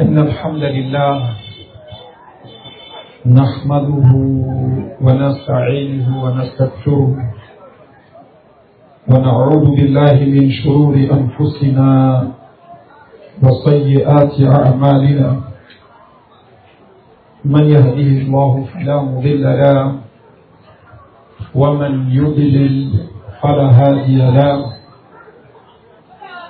إن الحمد لله نحمده ونستعينه ونستغفره ونعوذ بالله من شرور أنفسنا وسيئات أعمالنا من يهديه الله فلا مضل له ومن يضلل فلا هادي له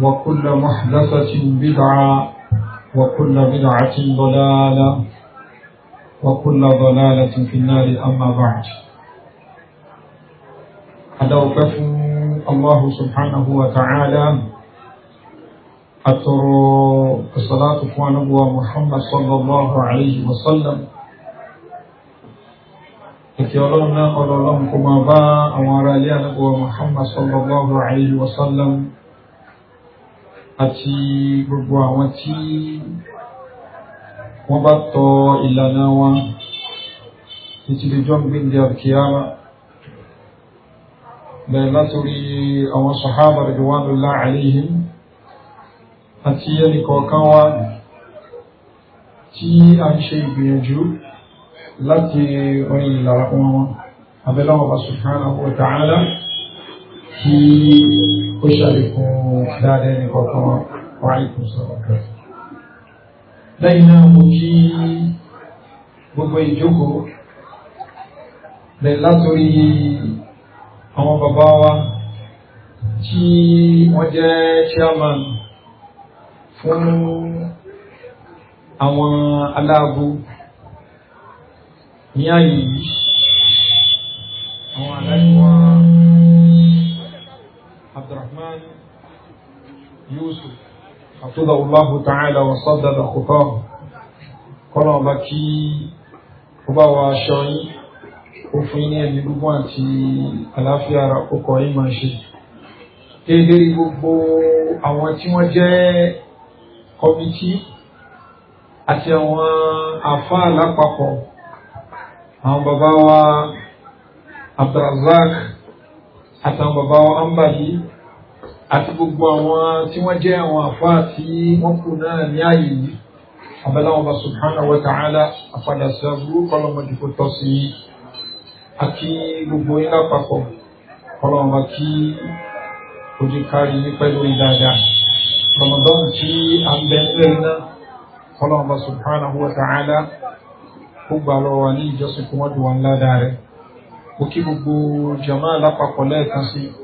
وكل محدثة بدعة وكل بدعة ضلالة وكل ضلالة في النار أما بعد أدوكف الله سبحانه وتعالى أترى الصلاة فوانبوى محمد صلى الله عليه وسلم ìkẹ́ ọlọ́run náà ọlọ́run kò máa bá àwọn ará ilé ànábì wa Muhammad sallallahu alayhi àti gbogbo àwọn tí wọ́n bá tọ ìlànà wọn títí lè jọ gbíndé alkiyama bẹ̀rẹ̀ látorí àwọn sàhábà radiyallahu alaihim àti ẹnìkọ̀ọ̀kan wa tí a ń ṣe ìgbìyànjú láti orin ìlànà wọn abẹ́lọ́wọ́ subhanahu wa ta'ala tí ó ṣàlékún dáadáa ẹni kọ̀ọ̀kan wáyé kò sọ̀rọ̀ kan. lẹ́yìn náà mo kí gbogbo ìjókòó lè látòrí àwọn bàbá wa tí wọ́n jẹ́ chairman fún àwọn aláàbò ní àyè yìí àwọn aláìwọ̀n. Yusuf àtúndà Allahu ta'ala wa saddada khutah kọ́nà ọba kí ó bá wa aṣọ yín ó fún yín ní ẹ̀mí gbogbo àti àlàáfíà ara kókọ yín máa ṣe. Dédé gbogbo àwọn tí wọ́n jẹ́ kọ́mítì àti àwọn àfáà lápapọ̀ àwọn bàbá wa Abdulrazak àtàwọn bàbá wa Ambali àti gbogbo àwọn tí wọ́n jẹ́ àwọn àfá tí wọ́n kù náà ní ààyè yìí abẹ́láwọn bá subhanahu wa ta'ala àpadà sí aburú kọlọmọdé kò tọ́ sí àti gbogbo yín lápapọ̀ kọlọmọ kí ojú kárí ní pẹ̀lú ìdáadáa ramadan tí a ń bẹ nílẹ̀ náà kọlọmọ bá subhanahu wa ta'ala ó gbà lọ wà ní ìjọsìn kọmọdé wà ńlá dáa rẹ̀ ó kí gbogbo jama lápapọ̀ lẹ́ẹ̀kan sí i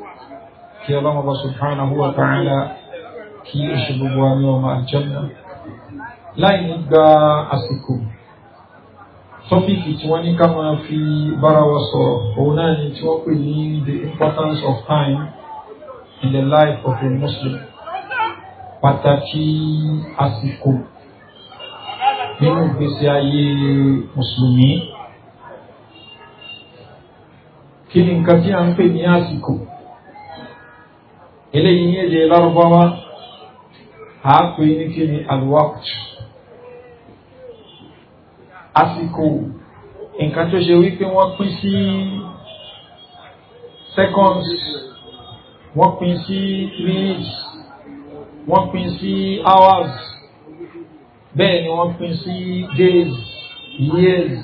kí ọlọ́run ọba subhanahu wa ta'ala kí ó ṣe gbogbo àmì ọmọ àjẹ́mọ́ láì ní gba àsìkò tọ́pìkì tí wọ́n ní ká máa fi bára wa sọ̀rọ̀ òun náà ni tí wọ́n pè ní the importance of time in the life of a Muslim pàtàkì àsìkò nínú ìgbésí ayé mùsùlùmí kí ni nǹkan tí a ń pè ní àsìkò eléyìí ní èdè lárúbáwá a pè ní kí ni alwaktu àsìkò nǹkan tó ṣe wípé seconds wọ́n pín sí minutes wọ́n pín sí hours bẹ́ẹ̀ ni wọ́n pín sí days years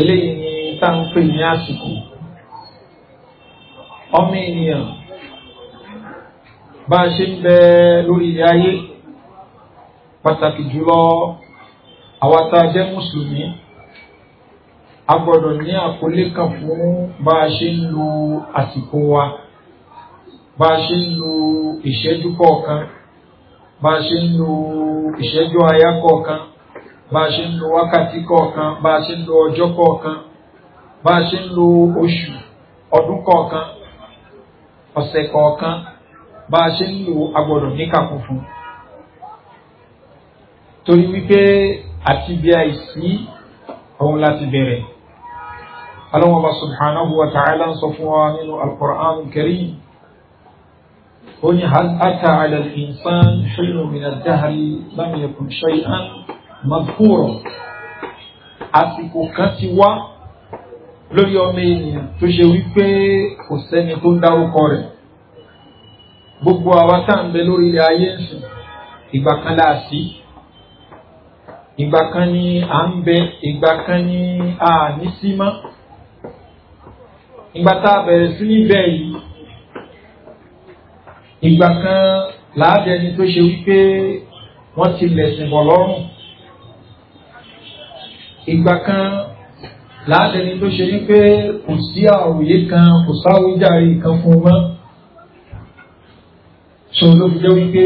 eléyìí ni tá ń pè ní àsìkò ọmọ ènìyàn bá a ṣe ń bẹ lórí ilẹ̀ ayé pàtàkì jùlọ àwa tá a jẹ́ mùsùlùmí a gbọ́dọ̀ ní àkọlé kan fún bá a ṣe ń lo àsìkò wa bá a ṣe ń lo ìṣẹ́jú kọ̀ọ̀kan bá a ṣe ń lo ìṣẹ́jú àyá kọ̀ọ̀kan bá a ṣe ń lo wákàtí kọ̀ọ̀kan bá a ṣe ń lo ọjọ́ kọ̀ọ̀kan bá a ṣe ń lo oṣù ọdún kọ̀ọ̀kan ọ̀sẹ̀ kọ̀ọ̀kan bá a ṣe ń lò agbọ́dọ̀ níkàkùn fún torí wípé àti bí àìsí òun láti bẹ̀rẹ̀ ọlọ́wọ́n bá subhanahu wa ta'ala ń sọ fún wa nínú al-Qur'an ó ní hal ata ala al-insan hilun min ad-dahri lam àsìkò kan ti wá lórí ọmọ ènìyàn tó ṣe wípé kò sẹ́ni tó ń dárúkọ rẹ̀ gbogbo àwa tá à ń bẹ lórí ilẹ̀ ayé ń sìn ìgbà kan láàsì ìgbà kan ni à ń bẹ ìgbà kan ni à ní sí mọ́ ìgbà tá a bẹ̀rẹ̀ sí níbẹ̀ yìí ìgbà kan láàbẹ̀ni tó ṣe wípé wọ́n ti lẹ̀sìn bọ̀ lọ́rùn ìgbà kan. láàlẹ́ni tó ṣe wípé kò sí àwòye kan kò sáwíjàre kan fún wọn so ló fi jẹ́ wípé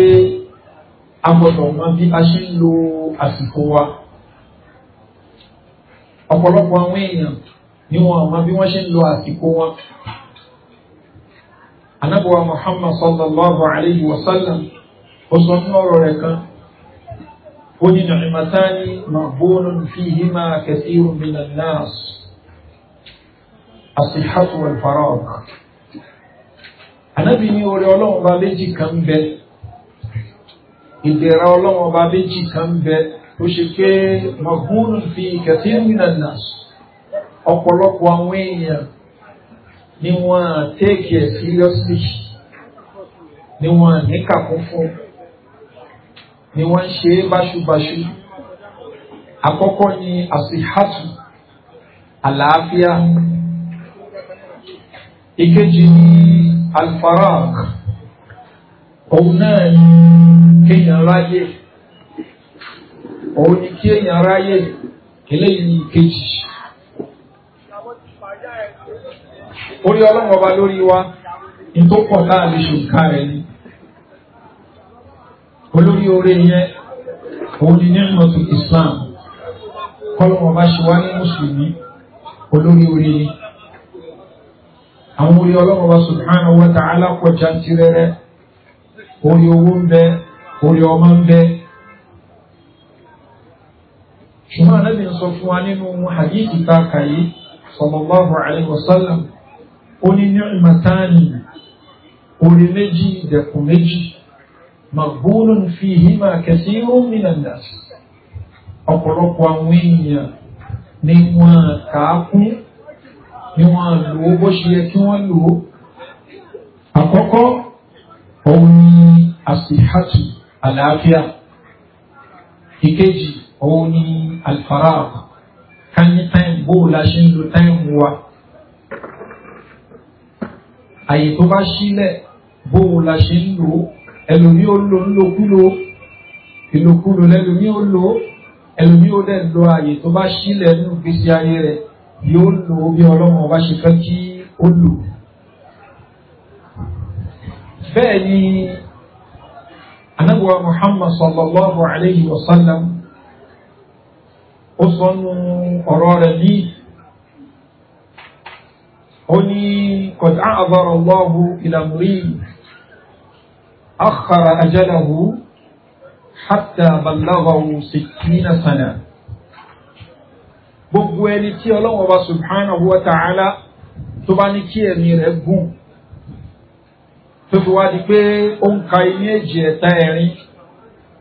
a mọ bí a ṣe ń lo àsìkò wa ọ̀pọ̀lọpọ̀ àwọn èèyàn ni wọn mọ ṣe ń lo àsìkò Anabuwa anábọ̀wá Muhammad sallallahu alayhi wa sallam ó sọ ọrọ kan ó ní ni'matani maghbunun fihima kathirun minan nas as-sihhatu wal faragh ànábì ní orí ọlọ́run bá méjì kan bẹ ìdẹ̀ra ọlọ́run bá méjì kan bẹ tó ṣe pé maghbunun fi kathirun minan nas ọ̀pọ̀lọpọ̀ àwọn èèyàn ni wọ́n take seriously ni wọ́n ní kàkún fún un ni wọ́n ń ṣe báṣubàṣu àkọ́kọ́ ni àṣìhàtù àlàáfíà ìkejì ni alfarag òun náà ni kéèyàn ráyè òun ni kéèyàn ráyè eléyìí ni ìkejì orí ọlọ́mọba lórí wa ní tó pọ̀ náà lè ṣùkà rẹ̀ ni olórí oore yẹn òun ni nínú Islam kọ́lọ́wọ́ bá ṣe wá ní mùsùlùmí olórí oore ni àwọn orí ọlọ́wọ́ bá subhanahu wa ta'ala pọ̀ jantirẹrẹ orí owó ń bẹ orí ọmọ ń bẹ ṣùgbọ́n anábì ń sọ fún wa nínú hadith ta kàyé sallallahu alayhi wa sallam ó ní ní ìmọ̀tánì méjì ìdẹ̀kùn méjì magbóòlùn fi hímà kẹsí ìhómìnàdà ọ̀pọ̀lọpọ̀ àwọn èèyàn ni wọ́n kàákún ni wọ́n lò ó bó ṣe yẹ kí wọ́n lò ó àkọ́kọ́ òun ni àṣìhàtù àlàáfíà ìkejì òun ni alfaraq ká ní táìmù la ṣe ń lo táìmù wa àyè tó bá sílẹ̀ bó la ṣe ń lò ó ẹlòmí ó lo ńlòkulò ìlòkulò lẹlòmí ó lo ẹlòmí ó dẹ̀ lo ààyè tó bá sílẹ̀ nínú gbèsè ayé rẹ̀ yóò lo bí ọlọ́run ọba ṣe fẹ́ kí ó lò. bẹ́ẹ̀ ni anábùwà muhammad sallallahu alayhi wa sallam ó sọ nù ọ̀rọ̀ rẹ̀ ní ó ní kọ̀dá àbárọ̀ lọ́hùn ìlànà أخر أجله حتى بلغه ستين سنة gbogbo ẹni tí ọlọ́wọ́n bá subhanahu wa ta'ala tó bá ní kí ẹ̀mí rẹ̀ gùn tó fi wá di pé ó ń ka inú èjì ẹ̀ta ẹ̀rin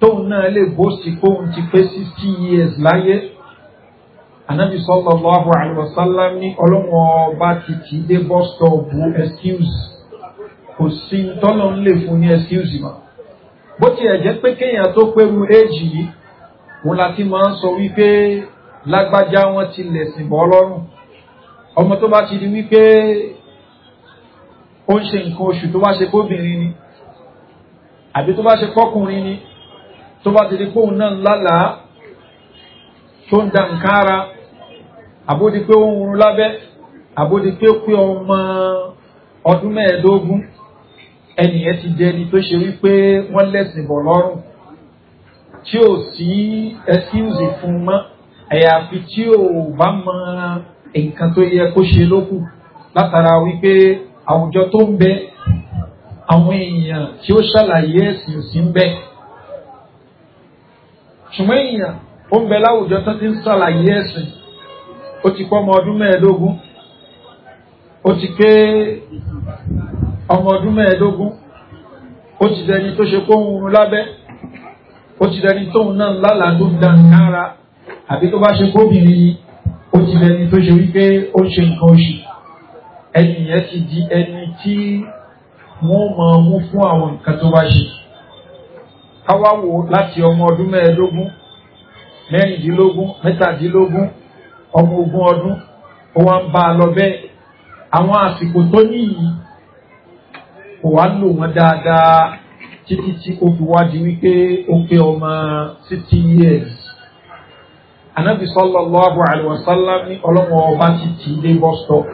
tóun náà lè bó sí kóun ti pé sixty years láyé anabi sallallahu alaihi wasallam ní ọlọ́wọ́n bá ti tì í dé bọ́stọ̀ọ̀bù excuse kò sí tọ́lọ̀ ń lè fún ní excuse mọ́ bó tiẹ̀ jẹ́ pé kéèyàn tó pé mu éèjì yìí òun la ti máa ń sọ wípé lágbájá wọn ti lẹ̀sìn bọ́ lọ́rùn ọmọ tó bá ti di wípé ó ń ṣe nǹkan oṣù tó bá ṣe kóbìnrin ni àbí tó bá ṣe kọkùnrin ni tó bá ti di pé náà lálàá tó ń da nǹkan ara àbódi pé ó ń run lábẹ́ àbódi pé ó pé ọmọ ọdún mẹ́ẹ̀ẹ́dógún ẹnìyẹn ti jẹ́ ẹni tó ṣe wípé wọ́n lẹ́sìn bọ̀ lọ́rùn tí ò sí ẹsíùsì fún mọ́ àyàfi tí ò bá mọ nǹkan tó yẹ kó ṣe lókù látara wípé àwùjọ tó ń bẹ àwọn èèyàn tí ó ṣàlàyé ẹ̀sìn ò ń bẹ ṣùgbọ́n èèyàn ó ń bẹ láwùjọ tó ti ń ṣàlàyé ẹ̀sìn ó ti pọ́ ọmọ ọdún mẹ́ẹ̀ẹ́dógún ó ti pé ọmọ ọdún mẹ́ẹ̀ẹ́dógún ó ti dẹni tó ṣe kóhun oorun lábẹ́ ó ti dẹni tóhun náà lálàá tó da nǹkan ara àbí tó bá ṣe kóbìnrin ni ó ti dẹni tó ṣe wípé ó ṣe nǹkan oṣù ẹni yẹn ti di ẹni tí wọ́n máa mú fún àwọn nǹkan tó bá ṣe káwá wò láti ọmọ ọdún mẹ́ẹ̀ẹ́dógún mẹ́rìndínlógún mẹ́tàdínlógún ọmọ ogún ọdún ó wá ń bá a lọ bẹ́ẹ̀ àwọn àsìkò tó níyì kò wá lò wọ́n dáadáa títí tí ó fi wá di wípé ó pé ọmọ sixty years anabi sallallahu alayhi wa sallam ní ọlọ́wọ́n ọba ti tì í dé bus stop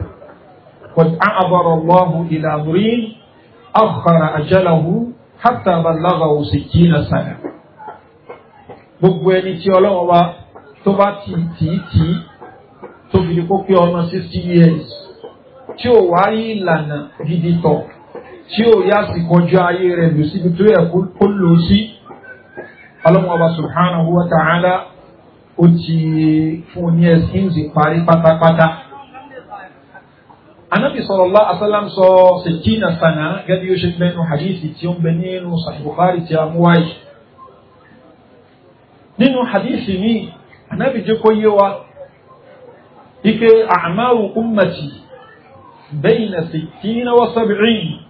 qad a'bara Allahu ila amrin akhara ajalahu hatta ballaghahu sittina sana gbogbo ẹni tí ọlọ́wọ́n wa tó bá ti tì í tì í tó fi kó pé ọmọ sixty years tí ò wá rí ìlànà gidi tọ̀ tí ó yá sí kọjá ayé rẹ̀ lù síbi tó yẹ kó lò sí ọlọ́mọba subhanahu wa ta'ala ó ti fún ní ẹ̀sìnzì parí pátápátá anábì sallallahu alaihi wasallam sọ sittina sana gẹ́gẹ́ yóò ṣe mẹ́nu hadithi tí ó ń bẹ nínú Sahih Bukhari tí a mú wáyé nínú hadithi mi anábì jẹ́ yé wa ike a'malu ummati bayna sittina wa sab'in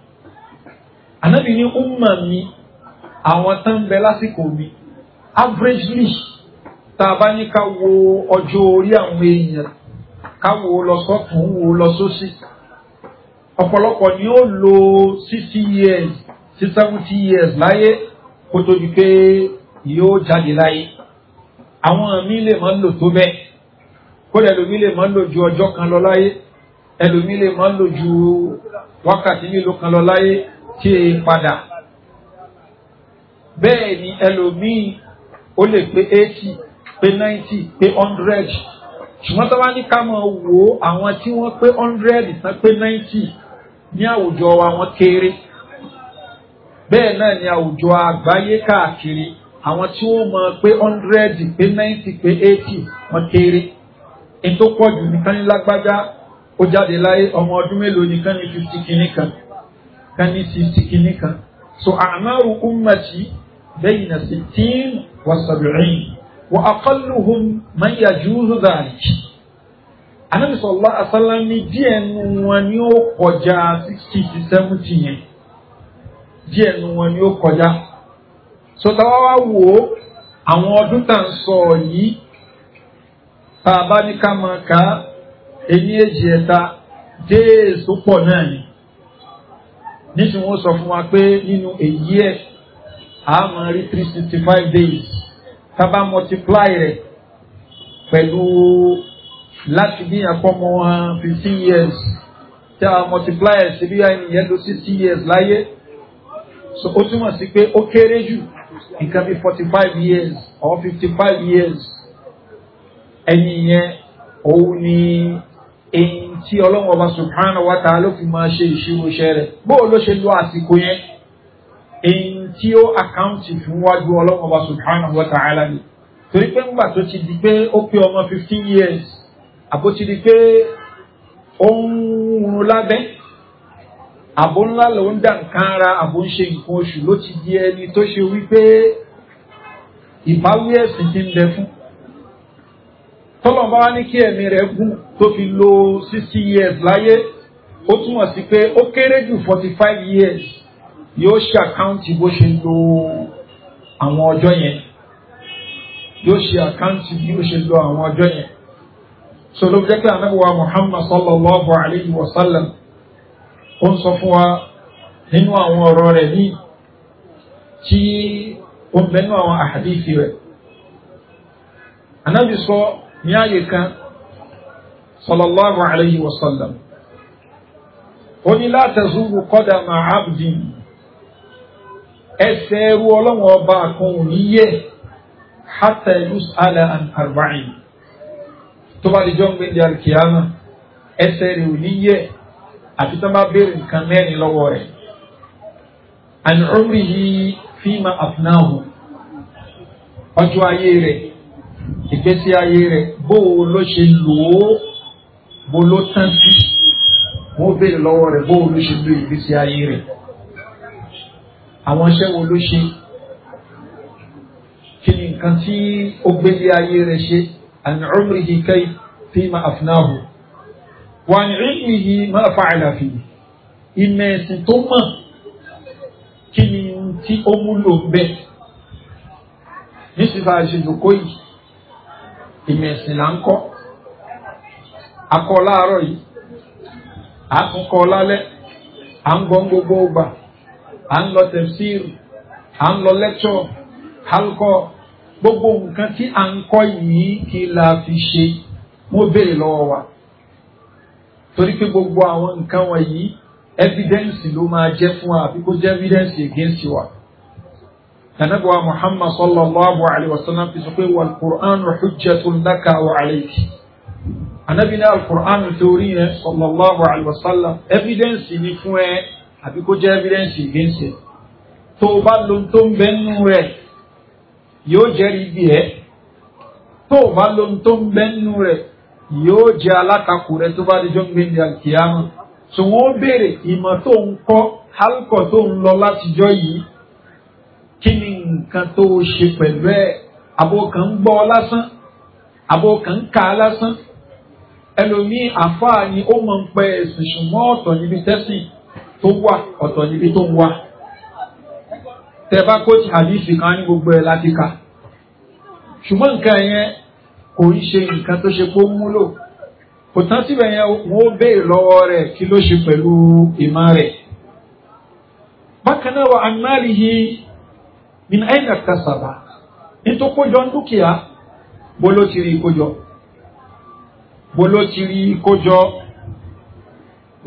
ànábì ní umma mi àwọn tó bẹ lásìkò mi averagely tá a bá ní ká wo ọjọ́ orí àwọn èèyàn ká wo lọ sọ́tún wo lọ sósì ọ̀pọ̀lọpọ̀ ni ó lo sixty years sí seventy years láyé kó tó di pé yóò jáde láyé àwọn míì lè máa ń lò tó bẹ́ẹ̀ kódà ẹlòmíì lè máa ń lò ju ọjọ́ kan lọ láyé ẹlòmíì lè máa ń lò ju wákàtí mélòó kan lọ láyé tí e padà bẹ́ẹ̀ ni ẹlòmíì ó lè pé eighty pé ninety pé hundred ṣùgbọ́n tó bá ní ká máa wo àwọn tí wọ́n pé hundred tán pé ninety ní àwùjọ wa kéré bẹ́ẹ̀ náà ni àwùjọ àgbáyé káàkiri àwọn tí wọ́n mọ̀ pé hundred pé ninety pé eighty wọ́n kéré ètò pọ̀jù nìkan ní lágbájá ó jáde láyé ọmọ ọdún mélòó nìkan ní fifty kìíní kan kan ní sixty so àmàrù ummati bayna sittin wa sab'in wa aqalluhum man yajuzu dhalik anabi sallallahu alaihi wasallam ní díẹ̀ nu wọn ni ó kọjá sixty sí nu wọn ni ó so táwa wá wò ó àwọn ọdún tá à ń sọ yìí tá ka ẹni èjì ẹ̀ta déèso pọ̀ ni nísìn wọ́n sọ fún wa pé nínú èyí ẹ̀ a máa rí three sixty five days tá bá multiply rẹ̀ pẹ̀lú láti bí àpọ́mọ fifteen years tí a multiply ẹ̀ sí bí ẹnìyẹn ló sixty years láyé so ó túmọ̀ sí pé ó kéré jù nǹkan bí forty five years or fifty five years ẹnìyẹn òun ni ẹ̀yìn tí ọlọ́run ọba subhanahu wa ta'ala ló fi máa ṣe ìṣirò iṣẹ́ rẹ̀ bóò ló ṣe lo àsìkò yẹn èyí tí ó àkáǹtì fún wájú ọlọ́run ọba subhanahu wa ta'ala ni torí pé ńgbà tó ti di pé ó pé ọmọ fifteen years àbó ti di pé ó ń rún lábẹ́ àbó ńlá ló ń dà nǹkan ara àbó ń ṣe nǹkan oṣù ló ti di ẹni tó ṣe wípé ìbáwí ẹ̀sìn ti ń bẹ fún tọ́lọ̀ wa wá ní kí ẹ̀mí rẹ̀ gùn tó fi lo sixty years láyé ó túmọ̀ sí pé ó kéré jù forty five years yóò ṣe àkáǹtì bó ṣe lo àwọn ọjọ́ yẹn yóò ṣe àkáǹtì bí ó ṣe lo àwọn ọjọ́ yẹn so jẹ́ pé anábíwá Muhammad sallallahu alayhi wa sallam ó ń sọ fún wa nínú àwọn ọ̀rọ̀ rẹ̀ ní tí ó ń bẹ nínú àwọn àhàdíìsì rẹ̀ anábì sọ ní ààyè kan sallallahu alayhi wa sallam ó ní la tazulu qadama abdin ẹsẹ̀ ẹrú ọlọ́wọ́n ọba kan ò ní yẹ̀ hatta yus'ala an arba'in tó bá di jọ́ ń gbé di alikiyama ẹsẹ̀ rẹ̀ ò àti tó bá béèrè nǹkan mẹ́rin lọ́wọ́ rẹ̀ an umrihi fima afnahu ọjọ́ ayé rẹ̀ ìgbésí ayé rẹ̀ bóò ló ṣe lò ó bó ló tán sí wọ́n béèrè lọ́wọ́ rẹ̀ bóò ló ṣe lo ìgbésí ayé rẹ̀ àwọn iṣẹ́ wo ló ṣe kí ni nǹkan tí ó gbélé ayé rẹ̀ ṣe an umrihi kayf fima afnahu wa an ilmihi ma fa'ala fihi ìmọ̀ ẹ̀sìn tó mọ̀ kí ni tí ó múlò bẹ́ẹ̀ nísìsiyìí àṣejù kó yìí. ìmẹ̀sìn ẹ̀sìn là ń kọ́ akọ láàárọ̀ yìí àtúnkọ lálẹ́ à ń gbọ́n gbogbo ọgbà à ń lọ tẹ̀síìrù à ń lọ gbogbo nǹkan tí à ń kọ́ yìí kí la fi ṣe wọ́n béèrè torí pé gbogbo àwọn nǹkan wọ̀nyí evidence ló máa jẹ́ fún wa àbí kó jẹ́ nanabuwa muhammad sallallahu alaihi wasallam fi sọ pé wal qur'an hujjatun laka wa alayki anabi náà alqur'an torí yẹn sallallahu alaihi wasallam evidence ni fún ẹ àbí kó jẹ evidence against ẹ tó o bá lo tó ń bẹ nínú rẹ yóò jẹ́rìí bí ẹ tó o bá lo tó ń bẹ rẹ yóò jẹ alátakò rẹ tó bá di jọ gbé ní alkiyama so wọn béèrè ìmọ̀ tó ń kọ́ halkọ̀ tó ń lọ látijọ́ yìí kí ni nǹkan tó ṣe pẹ̀lú ẹ̀ abo kan ń gbọ́ lásán abo kan ń kà á lásán ẹlòmíì àfáà ni ó máa ń pẹ́ ẹ̀sìn ṣùgbọ́n ọ̀tọ̀ níbi tẹ́sìn tó wà ọ̀tọ̀ níbi tó ń wà tẹ́bá kóòtù hadisi kan ní gbogbo ẹ̀ láti kà ṣùgbọ́n nǹkan yẹn kò ń ṣe nǹkan tó ṣe pé múlò kò tán síbẹ̀ yẹn wọ́n ó béèrè lọ́wọ́ rẹ̀ kí ló ṣe pẹ̀lú ìmọ̀ rẹ̀ bákan náà wà á yìí min aina kasaba nítorí kójọ ń dúkìá bolo ti rí kójọ bolo ti rí kójọ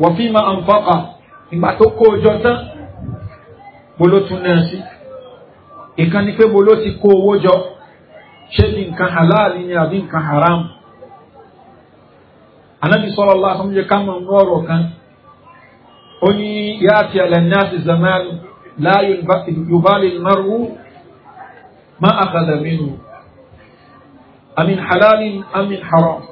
wọ̀fíìmà ànfàkà ìgbà tó kójọ tán bolo tún náà sí ìkan ni pé bolo ti kó owó jọ ṣé ní nǹkan halal ni àbí nǹkan haram anabi sọlọ lọ àtúnjẹ ká mọ ọ̀rọ̀ kan ó ní yáàtì alẹ náà ti zamanu. لا يبالي المرء ما أخذ منه أمن حلال أم من حرام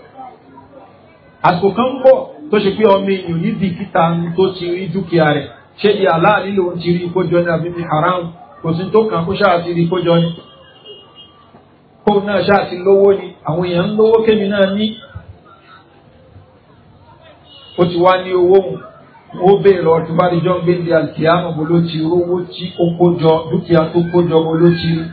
àsìkò kan ń bọ̀ tó ṣe pé ọmọ èèyàn ní bìkítà tó ti rí dúkìá rẹ̀ ṣé di aláàlí lòun ti rí kójọ ní àbí ti haram kò sí tó kàn kó ṣáà ti rí kójọ ní. kóun náà ṣáà ti lówó ni àwọn èèyàn ń lówó kémi náà ní. ó ti wá ní owó òun ó béèrè lọ tó bá rí jọ gbé ní alìkìyàmù bó ló ti rówó tí ó kójọ dúkìá tó kójọ bó ló ti rí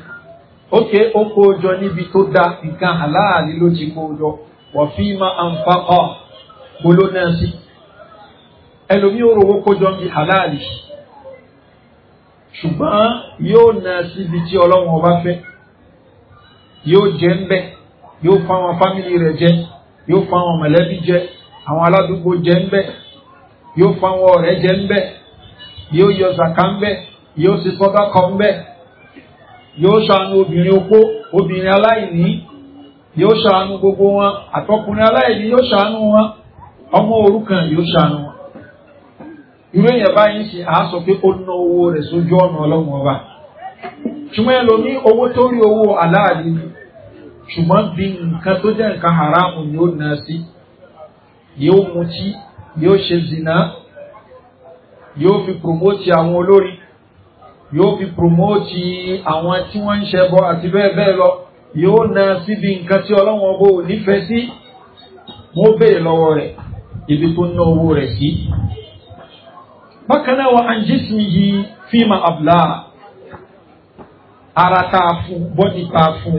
ókè ó kójọ níbi tó da nǹkan aláàlí ló ti kójọ wọ̀fíìmà ànfàkọ́ bó ló náà sí ẹlòmí ó rówó kójọ ní aláàlí ṣùgbọ́n yóò náà síbi tí ọlọ́run ọba fẹ́ yóò jẹ́ ń bẹ́ yóò fáwọn fámìlì rẹ̀ jẹ yóò fáwọn mọ̀lẹ́bí jẹ àwọn aládùúgbò jẹ ń bẹ́ẹ̀ yóò fa àwọn ọ̀rẹ́ jẹ ńbẹ yóò yọ zaka ńbẹ yóò sì sọdá kọ ńbẹ yóò ṣàánú obìnrin opó obìnrin aláìní yóò ṣàánú gbogbo wọn àtọkùnrin aláìní yóò ṣàánú wọn ọmọ òrukàn yóò ṣàánú wọn irú èèyàn báyìí ń ṣe àásọ pé ó ná owó rẹ̀ sójú ọ̀nà ọlọ́run ọba ṣùgbọ́n ẹlòmí owó tó rí owó aláàlú ṣùgbọ́n bí nǹkan tó jẹ́ nǹkan haramu ni ó na sí yóò mutí yóò ṣe zina yóò fi promote àwọn olórí yóò fi promote àwọn tí wọ́n ń ṣẹbọ àti bẹ́ẹ̀ bẹ́ẹ̀ lọ yóò na síbi nǹkan tí ọlọ́wọ́n bò nífẹ̀ẹ́ sí wọ́n béèrè lọ́wọ́ rẹ̀ ibi tó ná owó rẹ̀ sí. bákan náà wọ́n anjísìn yìí fíìmà abúlá ara tá a fún bọ́dì tá fún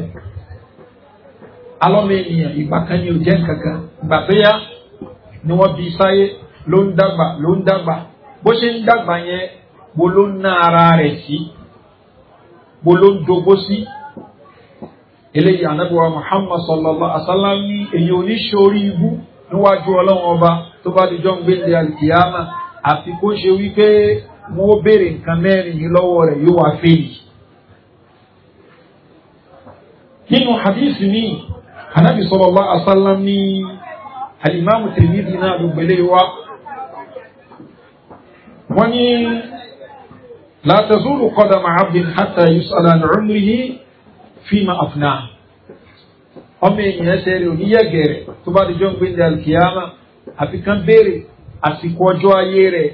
alọ́mọ ènìyàn ìgbà kan ni ò jẹ́ nǹkan kan ni wọ́n fi sáyé ló ń dàgbà ló ń dàgbà bó ṣe ń dàgbà yẹn bo ló ń ná ara rẹ̀ sí bo ló ń dogó sí eléyìí anabiwa muhammad sallallahu alaihi wa sallam ní èyí oníṣòrí ibú níwájú ọlọ́run ọba tó bá di jọ́ǹgbé ní alìkìyàmà àfi kó ṣe wípé wọ́n béèrè nǹkan mẹ́rin yìí lọ́wọ́ rẹ̀ yóò wá fèyí. nínú hadith mi anabi sallallahu alaihi wa sallam ní alimamu Tirmidhi náà ló gbélé wa wọ́n ní la tazulu qadama abdin hatta yus'ala an umrihi fima afnah ọmọ ènìyàn ṣẹlẹ̀ oníyẹ̀gẹ̀rẹ̀ tó bá dijọ́ ń gbé ní alkiyama àfi kan béèrè àsìkò ọjọ́ ayé rẹ̀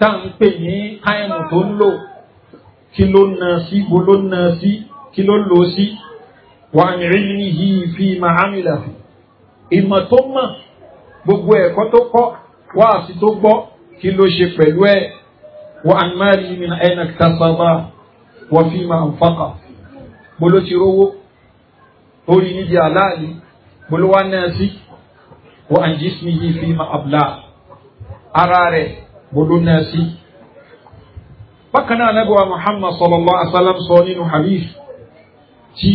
tá à ń pè ní táìmù tó ń lò kí ló wa an ilmihi fima amila fi ìmọ̀ tó mọ̀ gbogbo ẹ̀kọ́ tó kọ́ wáàsí tó gbọ́ kí ló ṣe pẹ̀lú ẹ̀ wọ àmàlì min ẹnà tasaba wọ fi máa ń fọkà bolo ti rówó orí níbi àláàlì bolo wá náà sí wọ àǹjísìmì yìí fi abúlá ara rẹ̀ bolo náà sí. bákan náà nàbẹ̀wá muhammad sallallahu alaihi wa sallam sọ nínú hadith tí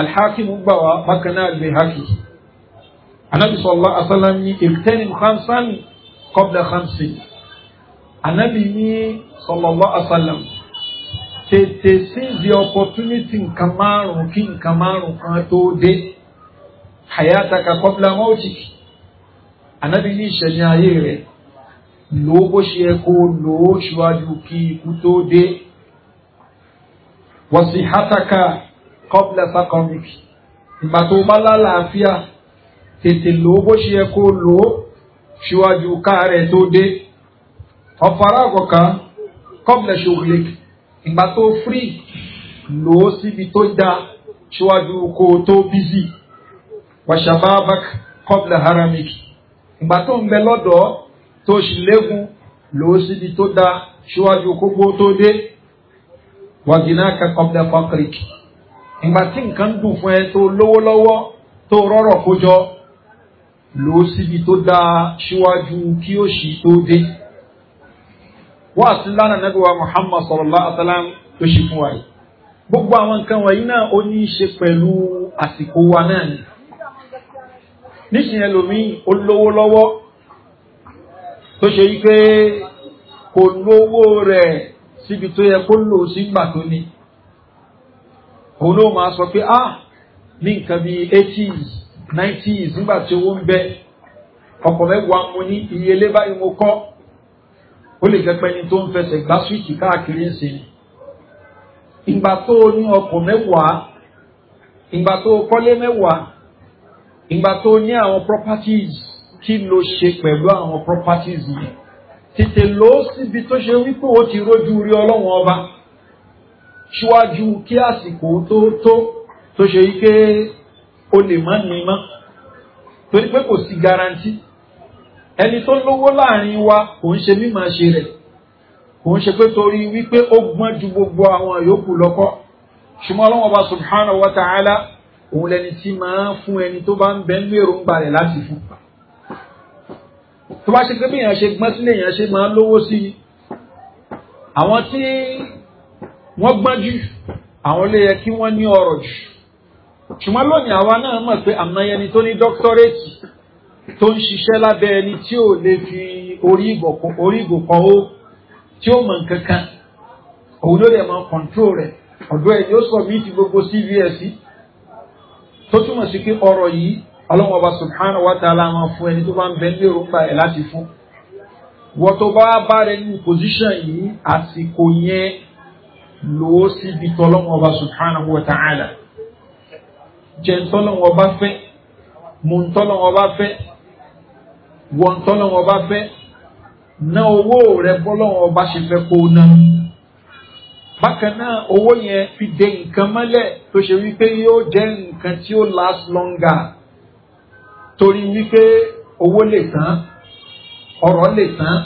alhakim gbà wá bákan náà lè hakì anabi sallallahu alaihi wasallam ní ìtẹ́ni khamsan qabla khamsi anabi ní sallallahu alaihi wasallam tètè seize opportunity nǹkan márùn kí nǹkan márùn kan tó dé hayataka qabla mautik anabi ní ìṣẹ̀ni ayé rẹ̀ lò ó bó ṣe yẹ kó lò ó ikú tó dé wasihataka qabla saqamik ìgbà tó bá lálàáfíà. tètè lò ó bó ṣe yẹ kó lò ó ṣíwájú káàárẹ̀ tó dé ọ̀fàrà àgọ̀kan kọ́bìlẹ̀ ṣòwòlẹ̀ ìgbà tó fírì lò ó síbi tó dá ṣíwájú kó tó bízì haramik ìgbà tó ń bẹ lọ́dọ̀ tó ṣì lẹ́gùn lò ó síbi tó dá ṣíwájú kógbó tó dé wàgínáka kọ́bìlẹ̀ fọ́kìrìkì ìgbà tí nǹkan dùn fún ẹ tó lówó lọ́wọ́ lò ó síbi tó dáa síwájú kí ó ṣì tó dé wọ́n àti lánàá nàbíwá Muhammad sallallahu alaihi wasallam tó ṣe fún wa yìí gbogbo àwọn nǹkan wọ̀nyí náà ó ní í ṣe pẹ̀lú àsìkò wa náà ni níṣìyẹn lòmíì ó lówó lọ́wọ́ tó ṣe yí pé kò lówó rẹ̀ síbi tó yẹ kó lò sígbà tó ní òun ló máa sọ pé ah ní nǹkan bíi eighties nineties nígbà tí owó ń bẹ ọkọ̀ mẹ́wàá mo ní iye ilé báyìí mo kọ́ ó lè jẹ́ pé ẹni tó ń fẹsẹ̀ gbá swíìtì káàkiri ń sè ìgbà tó o ní ọkọ̀ mẹ́wàá ìgbà tó o kọ́lé mẹ́wàá ìgbà tó o ní àwọn properties kí ló ṣe pẹ̀lú àwọn properties yìí tètè lò ó síbi tó ṣe wípé o ti rójú rí ọlọ́run ọba ṣíwájú kí àsìkò tó tó tó ṣe yí pé o lè má ní mọ́ torí pé kò sí garanti ẹni tó lówó láàrin wa kò ń ṣe mímọ ṣe rẹ̀ kò ń ṣe pé torí wípé ó gbọ́n ju gbogbo àwọn yòókù lọ́kọ́ ṣùgbọ́n ọlọ́wọ́n bá subhanahu wa ta'ala òun lẹni tí máa fún ẹni tó bá ń bẹ ń lérò ń balẹ̀ láti fún pa tó bá ṣe pé bí èèyàn ṣe gbọ́n sílẹ̀ èèyàn ṣe máa lówó sí i àwọn tí wọ́n gbọ́n jù àwọn lè yẹ kí wọ́n ní ọrọ̀ jù ṣùgbọ́n lónìí àwa náà mọ̀ pé àmọ́yẹ ni tó ní dọ́kítọ́rẹ́tì tó ń ṣiṣẹ́ lábẹ́ ẹni tí ò lè fi orí ìgò kan ó tí ó mọ̀ nǹkan kan òun ló dẹ̀ mọ kọ̀ǹtró rẹ̀ ọ̀dọ́ ẹ̀ yóò sọ mí ti gbogbo cvs tó túmọ̀ sí pé ọ̀rọ̀ yìí ọlọ́wọ́n ọba subhanahu wa ta'ala máa fún ẹni tó bá ń bẹ ní èròǹgbà ẹ̀ láti fún wọ́n tó bá bá rẹ ní pòsíṣàn yìí àsìkò yẹn lòó síbi tọ́lọ́wọ́n ọba subhanahu wa ta'ala jẹ ntọ́lọ́wọ́ bá fẹ́ mu ntọ́lọ́wọ́ bá fẹ́ wọ ntọ́lọ́wọ́ bá fẹ́ ná owó rẹ bọ́lọ́wọ́ bá ṣe fẹ́ kó ná bákan náà owó yẹn fi de nǹkan mọ́lẹ̀ tó ṣe wípé yóò jẹ́ nǹkan tí ó last longer torí wípé owó lè tán ọ̀rọ̀ lè tán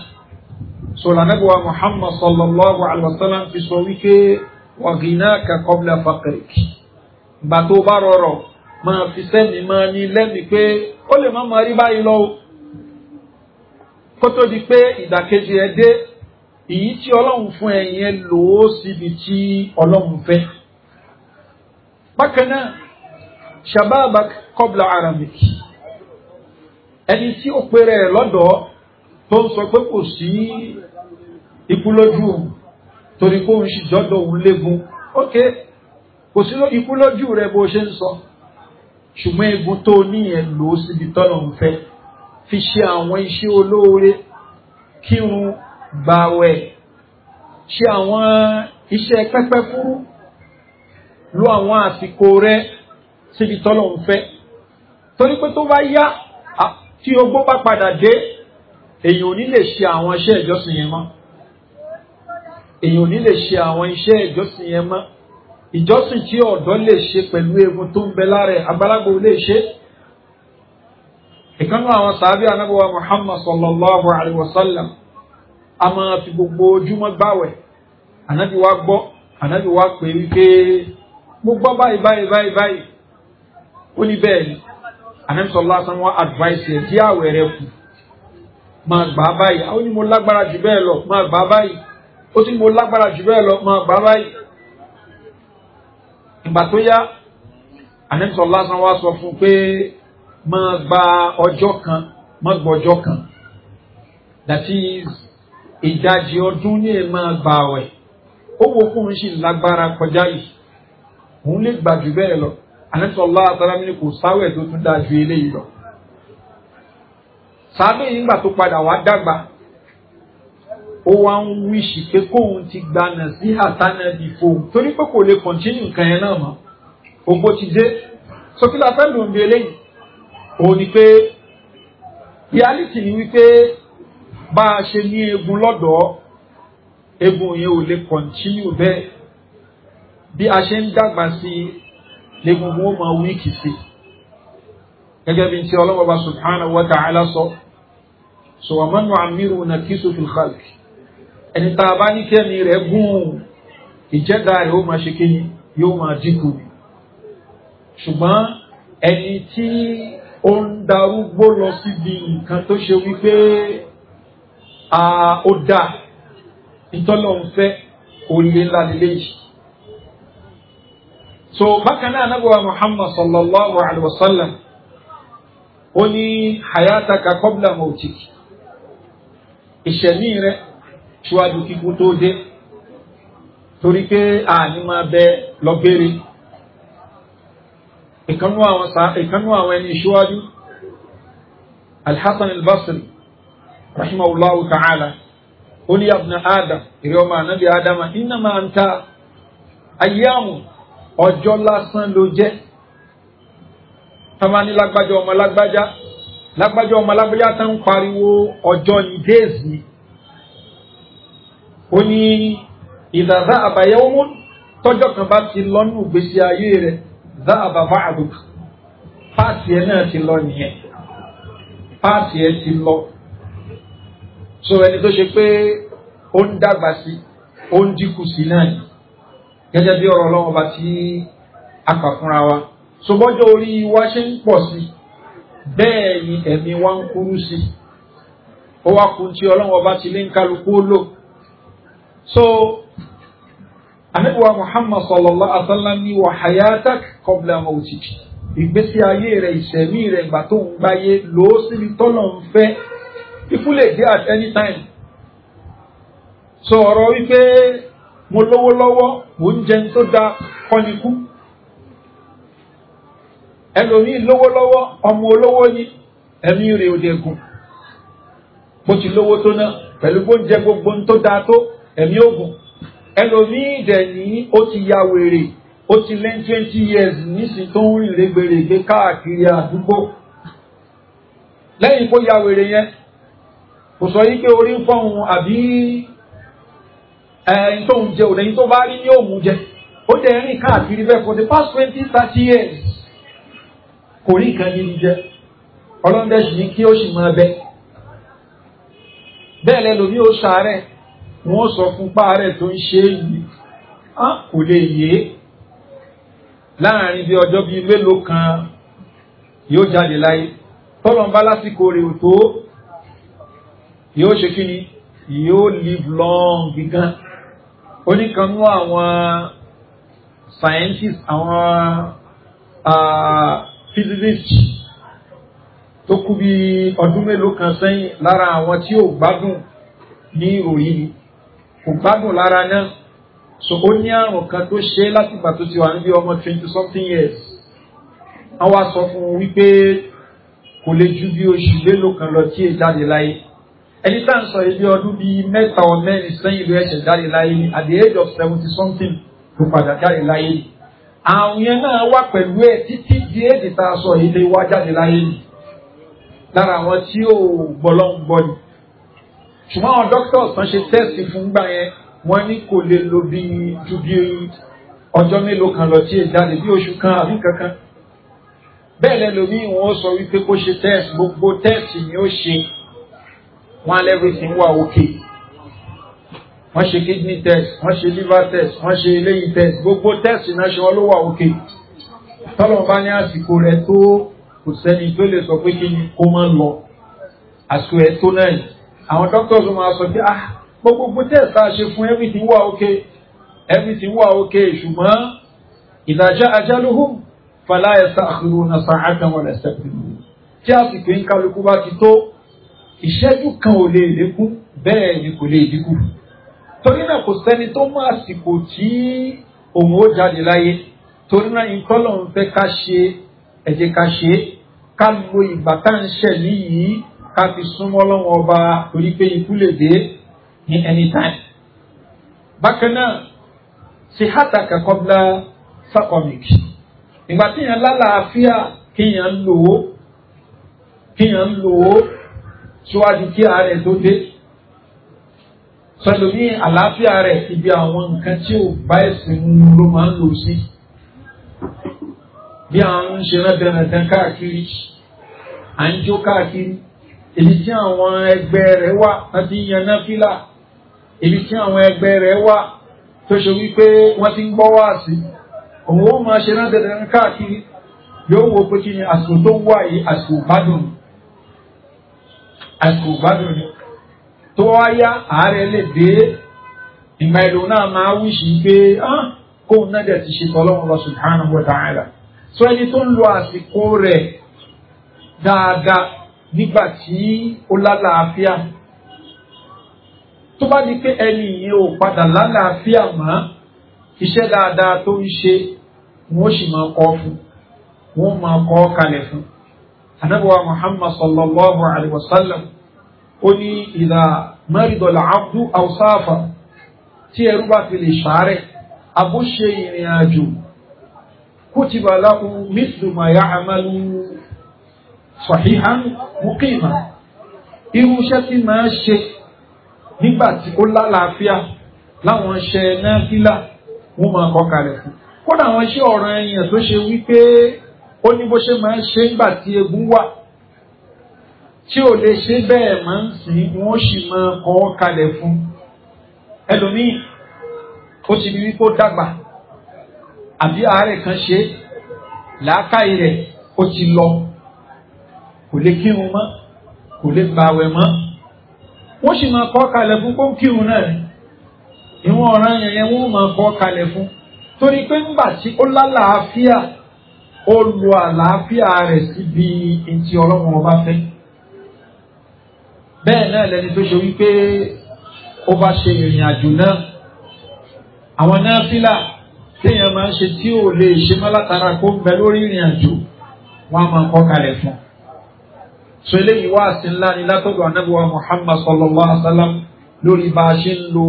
sọlánàbíwá Muhammad sallallahu alaihi wa sallam fi sọ wípé wàgínà kakọ́bla fakiriki gbà tó bá rọrọ̀ máa fi sẹ́mi máa ní lẹ́mi pé ó lè má máa rí báyìí lọ́wọ́ kó tó di pé ìdàkejì ẹ dé èyí tí ọlọ́run fún ẹ yẹn lò ó síbi tí ọlọ́run fẹ́. bákan náà shababak kọ́bla aramik ẹni tí ó pèrè ẹ lọ́dọ̀ tó ń sọ pé kò sí ikú lójú torí kó ń ṣìjọ́dọ̀ òun léegun ókè. Okay kò sí ikú lójú rẹ bó ṣe ń sọ ṣùgbọ́n egun tó ní ẹ̀ lò ó síbi tọ́nà ń fẹ́ fi ṣe àwọn iṣẹ́ olóore kírun gbàwẹ̀ ṣe àwọn iṣẹ́ pẹ́pẹ́ fúrú lo àwọn àsìkò rẹ síbi tọ́nà ń fẹ́ torí pé tó bá yá tí ogbó bá padà dé èyàn ò ní lè ṣe àwọn iṣẹ́ ìjọsìn yẹn mọ́ èyàn ò ní lè ṣe àwọn iṣẹ́ ìjọsìn yẹn mọ́ ìjọsìn tí ọ̀dọ́ lè ṣe pẹ̀lú egun tó ń bẹ lára àgbàlagbà ò lè ṣe ìkànnì àwọn sàábì anábọ̀wá muhammad sallallahu alayhi wa sallam a máa fi gbogbo ojúmọ́ gbàwẹ̀ ànábì wa gbọ́ ànábì wa pè wípé mo gbọ́ báyìí báyìí báyìí báyìí ó ní bẹ́ẹ̀ ni ànábì sallallahu alayhi wa sallam wa advice ẹ̀ tí àwẹ̀ rẹ̀ kù máa gbà báyìí ó ní lágbára jù bẹ́ẹ̀ lọ máa gbà báyìí ó sì ní lágbára jù bẹ́ẹ̀ lọ máa gbà báyìí ìgbà tó yá àníṣọ lásán wá sọ fún pé máa gba ọjọ́ kan máa gba ọjọ́ kan that is ìdajì ọdún ní ẹ̀ máa gba ọ̀ẹ̀ ó wo kó ń ṣì lágbára kọjá yìí òun lè gbà jù bẹ́ẹ̀ lọ àníṣọ lásán mi kò sáwẹ̀ tó tún dáa eléyìí lọ sábẹ́ yìí ńgbà tó padà wá dàgbà ó wá ń wíṣì pé kóun ti gba nàṣíhà tánàbì fóun torí pé kò lè kọ̀ntínú nǹkan yẹn náà mọ́ ògbó ti dé sókílà fẹ́ lòun bí eléyìí òun ni pé reality ni wípé bá a ṣe ní egun lọ́dọ̀ọ́ egun yẹn ò lè kọ̀ntínú bẹ́ẹ̀ bí a ṣe ń dàgbà sí i legungun ó máa wíìkì sí i gẹ́gẹ́ bí ti ọlọ́wọ́ subhanahu wa ta'ala sọ sọ wàmánu amiru na kìsùfìl ẹni tá a bá ní kẹ́mi rẹ̀ gùn ìjẹ́dá rẹ̀ ó máa ṣe kí ni yóò máa dínkù ni ṣùgbọ́n ẹni tí ó ń darúgbó lọ síbi nǹkan tó ṣe wípé ó dà ìtọ́lọ̀ ń fẹ́ oríire lílé yìí so bákan náà anábọ̀wá Muhammad sallallahu alaihi wa sallam ó ní hayataka qabla mautik ìṣẹ̀mí rẹ̀ ṣíwájú kíkú tó dé torí pé àní máa bẹ lọ́gbére ìkanú àwọn ẹni ṣíwájú alhassan albasri rahimahullahu ta'ala ó ní ibn adam ìrẹ́ ọmọ ànábì adama innama anta ayyamu ọjọ́ lásán ló jẹ́ tọ́mání lágbájá ọmọ lágbájá lágbájá ọmọ lágbájá tán ń pariwo ọjọ́ ni days ni ó ní ìdàdá àbáyẹ́wọ́mú tọ́jọ́ kan bá ti lọ nínú ìgbésí ayé rẹ̀ dá àbàbà àdùk páàtì ẹ̀ náà ti lọ nìyẹn páàtì ẹ̀ ti lọ so ẹni tó ṣe pé ó ń dàgbà sí ó ń dínkù sí náà ni gẹ́gẹ́ bí ọ̀rọ̀ ọlọ́wọ́n bá ti akà fúnra wa ṣùgbọ́jọ́ orí wa ṣe ń pọ̀ sí bẹ́ẹ̀ ni ẹ̀mí wa ń kúrú sí ó wá kun tí ọlọ́wọ́n bá ti lé ń kálukú lò so anabiwa muhammad sallallahu alaihi wa sallam ni wa hayatak qabla mautik ìgbésí ayé rẹ̀ ìṣẹ̀mí rẹ̀ ìgbà tó ń gbáyé lò ó síbi tọ́lọ̀ ń fẹ́ ikú lè dé at any time so ọ̀rọ̀ wípé mo lówó lọ́wọ́ mo ń jẹun tó da kọ́nikú ẹlòmíì lówó lọ́wọ́ ọmọ olówó ni ẹ̀mí rẹ̀ ò dẹ̀gùn bó ti lówó tó náà pẹ̀lú bó ń jẹ gbogbo ń tó da tó ẹ̀mí ògùn ẹlòmíì dẹ̀ ní ó ti ya wèrè ó ti lé twenty years nísìnyí tó ń rìn rẹ́gbẹ̀rẹ̀gbẹ̀ káàkiri àdúgbò lẹ́yìn kó ya wèrè yẹn kò sọ yí pé orí ń fọ́hun àbí eh, ẹ̀yìn tó ń jẹ òdẹ̀yìn tó bá rí ní òun jẹ ó dẹ̀ rìn káàkiri bẹ́ẹ̀ for the past twenty thirty years kò rí nǹkan yìí jẹ ọlọ́dẹ̀ sì ní kí ó sì máa bẹ bẹ́ẹ̀ lẹ́lòmí ó ṣàárẹ̀ wọ́n sọ fún páàrẹ̀ tó ń ṣe yìí á kò lè yé láàrin bí ọjọ́ bíi mélòó kan yóò jáde láyé tọ́lọ̀mbá lásìkò rẹ̀ tó yóò ṣe kí ni yóò live long gan oníkanú àwọn scientists àwọn physicists tó kú bí ọdún mélòó kan sẹ́yìn lára àwọn tí ò gbádùn ní ìròyìn kò gbádùn lára náà so ó ní àrùn kan tó ṣe látìgbà tó ti wà níbi ọmọ twenty something years àwa sọ fún un wípé kò lè ju bí oṣù mélòó kan lọ tí ẹ jáde láyé ẹni tá à ń sọ ibi ọdún bíi mẹ́ta ọ mẹ́rin sẹ́yìn ló ẹ̀ṣẹ̀ jáde láyé ní at the age of seventy something ló padà jáde láyé ní àwọn yẹn náà wà pẹ̀lú ẹ̀ títí di èdè tá a sọ ilé wa jáde láyé ní lára àwọn tí ò gbọ́lọ́ ń gbọ́ ni ṣùgbọ́n àwọn doctors tán ṣe tẹ́sì fún gbà yẹn wọ́n ní kò lè lo bí ju bí ọjọ́ mélòó kan lọ tí è jáde bí oṣù kan àbí kankan bẹ́ẹ̀ lẹ́lòmíì wọ́n sọ wípé kó ṣe tẹ́sì gbogbo tẹ́sì ni ó ṣe wọ́n everything wà òkè wọ́n ṣe kidney test wọ́n ṣe liver test wọ́n ṣe eléyìí test gbogbo test náà ṣe wọ́n ló wà òkè tọ́lọ̀ bá ní àsìkò rẹ̀ tó kò sẹ́ni tó lè sọ pé kí ni kó má lọ àsìkò ẹ̀ tó náà yìí àwọn doctors máa sọ pé ah gbogbo test tá a ṣe fún everything wà okay everything wà okay ṣùgbọ́n ìdájá ajaluhum fala yastakhiruna sa'atan wala yastaqdimun tí àsìkò yín kálukú bá ti tó ìṣẹ́jú kan ò lè lékún bẹ́ẹ̀ ni kò lè dínkù torí náà kò sẹ́ni tó mọ àsìkò tí òun ó jáde láyé torí náà ìtọ́lọ̀ fẹ́ ká ṣe ẹ̀jẹ̀ ká ṣe ká lo ìgbà tá à ń ṣẹ̀ níyìí ká fi súnmọ́ lọ́wọ́ ọba torí pé ikú lè dé ní anytime. bákan náà sihata kakọ́bla sakomic ìgbà tí yẹn lálàáfíà kí yẹn ń lò ó kí yẹn ń síwájú kí ààrẹ tó dé sọlọ ní àlàáfíà rẹ ibi àwọn nǹkan tí ò bá ẹ̀sìn ló máa ń lò sí bí àwọn ń ṣe rán dandan káàkiri à ń jó káàkiri ibi tí àwọn ẹgbẹ́ rẹ̀ wà láti yan náfìlà ibi tí àwọn ẹgbẹ́ rẹ̀ wà tó ṣe wípé wọ́n ti ń gbọ́ wá sí òun ó máa ṣe náà dandan káàkiri yóò wo pé kí ni àsìkò tó wà yìí àsìkò gbádùn àsìkò gbádùn ni tó wá yá ààrẹ lè dé ìgbà ìlú náà máa wíṣì pé kóun náà dẹ̀ ti ṣe tọ́lọ́run lọ subhanahu wa ta'ala so ẹni tó ń lo àsìkò rẹ̀ dáadáa nígbà tí ó lálàáfíà tó bá di pé ẹni yìí ò padà lálàáfíà mọ́ iṣẹ́ dáadáa tó ń ṣe wọ́n sì máa kọ́ fún wọ́n máa kọ́ kalẹ̀ fún anabuwa muhammad sallallahu alaihi wa sallam ó ní ìlà mẹ́rìndọ̀lá abdu awsafa tí ẹrú bá fi lè ṣàárẹ̀ abó ṣe ìrìn àjò kutiba lahu mithlu ma ya'malu sahihan muqima irú iṣẹ́ tí máa ṣe nígbà tí ó lálàáfíà láwọn iṣẹ́ náfìlà wọ́n máa kọ́ kalẹ̀ fún kódà àwọn iṣẹ́ ọ̀ràn ẹ̀yàn tó ṣe wípé ó ní bó ṣe máa ń ṣe nígbà tí egun wà tí ò lè ṣe bẹ́ẹ̀ máa ń sìn wọ́n sì máa kọ́ kalẹ̀ fún ẹlòmíì ó ti bí wípé ó dàgbà àbí àárẹ̀ kan ṣe làákàyè rẹ̀ ó ti lọ lè kírun mọ́ kò lè gbàwẹ̀ mọ́ wọ́n sì máa kọ́ kalẹ̀ fún kó ń kírun náà ni ìwọ̀n ọ̀ràn yẹn yẹn wọ́n máa kọ́ kalẹ̀ fún torí pé ńgbà tí ó lálàáfíà ó lo àlàáfíà rẹ̀ síbi ntí ọlọ́run ọba fẹ́ bẹ́ẹ̀ náà lẹni tó ṣe wípé ó bá ṣe ìrìn àjò náà àwọn náfìlà téèyàn máa ń ṣe tí ò lè ṣe mọ́ látara kó ń bẹ lórí ìrìn àjò wọ́n á máa kọ́ kalẹ̀ fún un so eléyìí wá sí ńlá ni látọ̀dọ̀ ànábì muhammad sallallahu alaihi wa sallam lórí bá a ṣe ń lo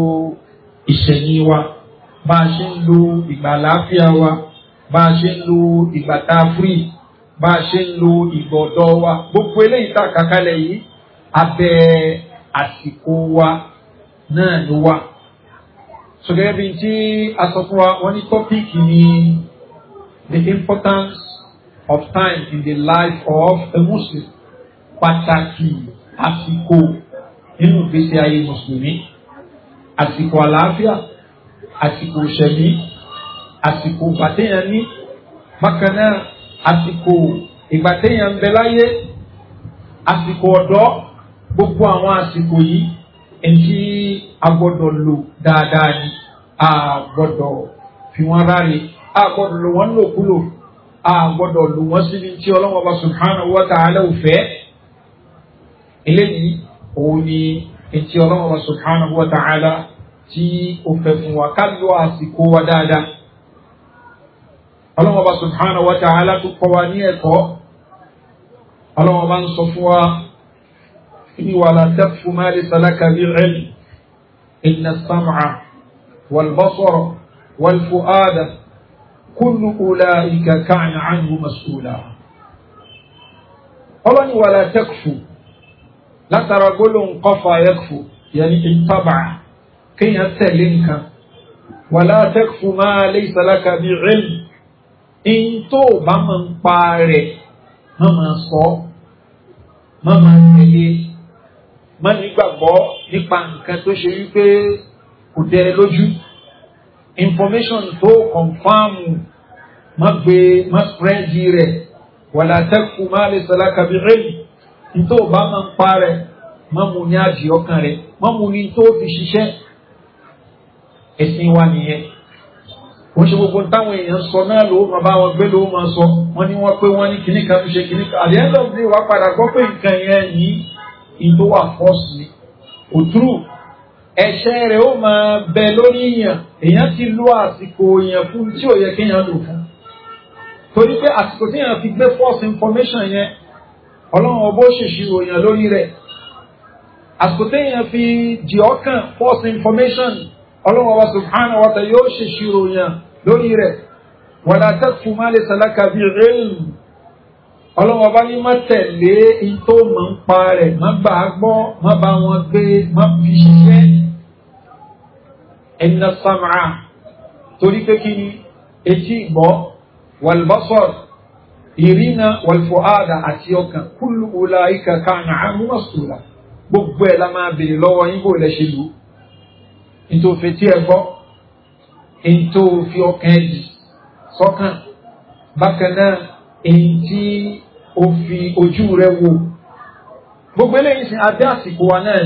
ìṣẹ̀yìn wa bá a ṣe ń lo ìgbà àlàáfíà wa bá a ṣe ń lo ìgbà tá a fúrì bá a ṣe ń lo ìgbọ̀dọ̀ wa gbogbo eléyìí tá a kà kalẹ̀ yìí abẹ́ àsìkò wa náà ló wà so gẹ́gẹ́ bí tí a sọ fún wa wọ́n ní tọ́píìkì ni the importance of time in the life of a Muslim pàtàkì àsìkò nínú ìgbésí ayé mùsùlùmí àsìkò àlàáfíà àsìkò ìṣẹ̀mí àsìkò ìgbàdéyàn ní bákan náà àsìkò ìgbàdéyàn ń bẹ láyé àsìkò ọ̀dọ́ gbogbo àwọn àsìkò yìí ẹ̀ntì agbọ́dọ̀ lò dáadáa ni a gbọ́dọ̀ fi wọ́n ráre a gbọ́dọ̀ lò wọ́n lòkulò a gbọ́dọ̀ lò wọ́n síbi tí Ọlọ́hun Ọba subhanahu wa ta'ala ò fẹ́ eléyìí òun ni etí ọlọ́run subhanahu wa ta'ala tí ó fẹ́ fún wa ká lọ àsìkò wa dáadáa ọlọ́run ọba subhanahu wa ta'ala tó kọ́ wa ní ẹ̀kọ́ ọlọ́run ọba ń sọ fún wa ní wàlá taqfu ma laysa laka bihi ilm inna as-sam'a wal-basara wal-fu'ada kullu ulaika kana anhu mas'ula ọlọ́run látara gbólóhùn kọfà yẹkfù yẹn ìtàbà kéèyàn tẹ̀lé nǹkan wàlá tẹkfù máa lé ìsàlákà bíi ilm in tó o bá máa ń pa rẹ̀ má máa sọ má máa tẹ̀lé má nígbàgbọ́ nípa nǹkan tó ṣe wípé kò dẹ lójú information tó kọ̀nfàmù má gbé má spread rẹ̀ wàlá tẹkfù máa lé ìsàlákà bíi ilm ìtò bá máa ń pa rẹ̀ mọ́mu ní àjì ọkàn rẹ̀ mọ́mu ní tó fi ṣiṣẹ́ ẹ̀sìn wa nìyẹn wọ́n ṣe gbogbo táwọn èèyàn sọ náà ló máa bá wọn gbé ló máa sọ wọ́n ní wọ́n pé wọ́n ní kíní kan ṣe kíní kan àdéhùn lọ́wọ́ ní padà gbọ́ pé nǹkan yẹn ní ìtò wà fọ́ọ̀sì ni òtúrù ẹ̀ṣẹ̀ rẹ̀ ó máa bẹ lórí èèyàn èèyàn ti lo àsìkò èèyàn fún tí ò yẹ kéèyàn lò fún torí pé àsìkò tí èèyàn fi gbé false information yẹn ọlọ́run ọbọ̀ ṣèṣì ròyìn lórí rẹ̀ àsìkò téèyàn fi jì ọkàn false information ọlọ́run ọba subhanahu wa ta'ala yóò ṣèṣì ròyìn lórí rẹ̀ wala taqfu ma laysa laka bihi ilm ọlọ́run ọba ní má tẹ̀lé ìtò mọ̀ ń pa rẹ̀ má bà á gbọ́ má bá wọn gbé má fi ṣiṣẹ́ inna sam'a torí pé kí ni etí ìgbọ́ wal ìrìnà wàlfọ́àdà àti ọkàn kúlù ọ̀la ìkà kàánà àmúmọ̀sùlà gbogbo ẹ̀ la máa béèrè lọ́wọ́ yín bó lẹ lù ú nítorí ẹ ọkàn ẹ̀ sọ́kàn bákan náà èyí tí fi ojú rẹ wò gbogbo eléyìí sin adé àsìkò wa náà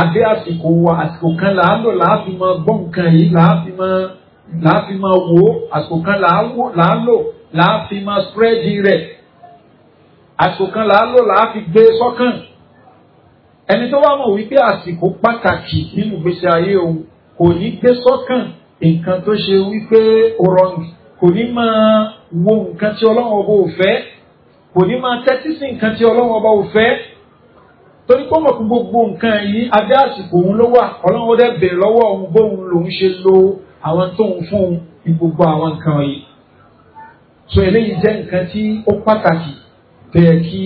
adé àsìkò wa àsìkò kan là á lò là á fi máa nǹkan yìí là á fi máa wò àsìkò kan là á lò. làá fi máa spreadi rẹ̀ àsìkò kan làá lò làá fi gbé sọ́kàn ẹni tó wá mọ̀ wípé àsìkò pàtàkì nínú ìgbésí ayé òun kò ní gbé sọ́kàn nǹkan tó ṣe wípé ó rọrùn kò ní máa wo nǹkan tí ọlọ́run ọba ò fẹ́ kò ní máa tẹ́tí sí nǹkan tí ọlọ́run ọba ò fẹ́ torí pé mọ̀ pé gbogbo nǹkan yìí abẹ́ àsìkò òun ló wà ọlọ́run ó dẹ̀ lọ́wọ́ òun bóun lòun ṣe lo àwọn tóun fún un ní gbogbo àwọn nǹkan yìí so eléyìí jẹ́ nǹkan tí ó pàtàkì tó kí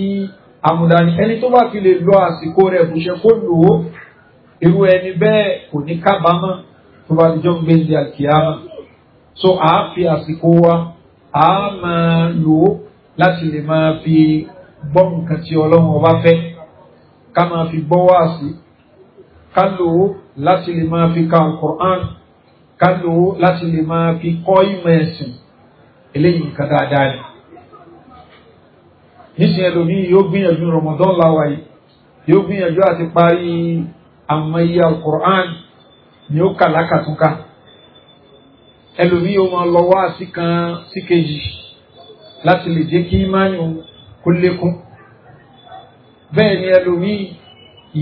amúdání ẹni tó bá fi lè lọ àsìkò rẹ̀ kò kó lò ó irú ẹni bẹ́ẹ̀ kò ní kábàámọ̀ tó bá jọ ń gbé di àkíyàmá so a fi àsìkò wa a máa lò ó láti lè máa fi gbọ́ nǹkan tí ọlọ́run ọba fẹ́ ká máa fi gbọ́ wá sí ká lò ó láti lè máa fi ka Al-Qur'an ká lò ó láti lè máa fi kọ́ ìmọ̀ ẹ̀sìn eléyìí nǹkan dáadáa ni níṣẹ́ ẹlòmí yóò gbìyànjú Ramadan láwa yìí yóò gbìyànjú àti parí àmọ́yé alukur'an ni ó kà lákàtúnkà ẹlòmí yóò máa lọ wá sí kan sí kejì láti lè jẹ́ kí ìmáyò kó lékún bẹ́ẹ̀ ni ẹlòmí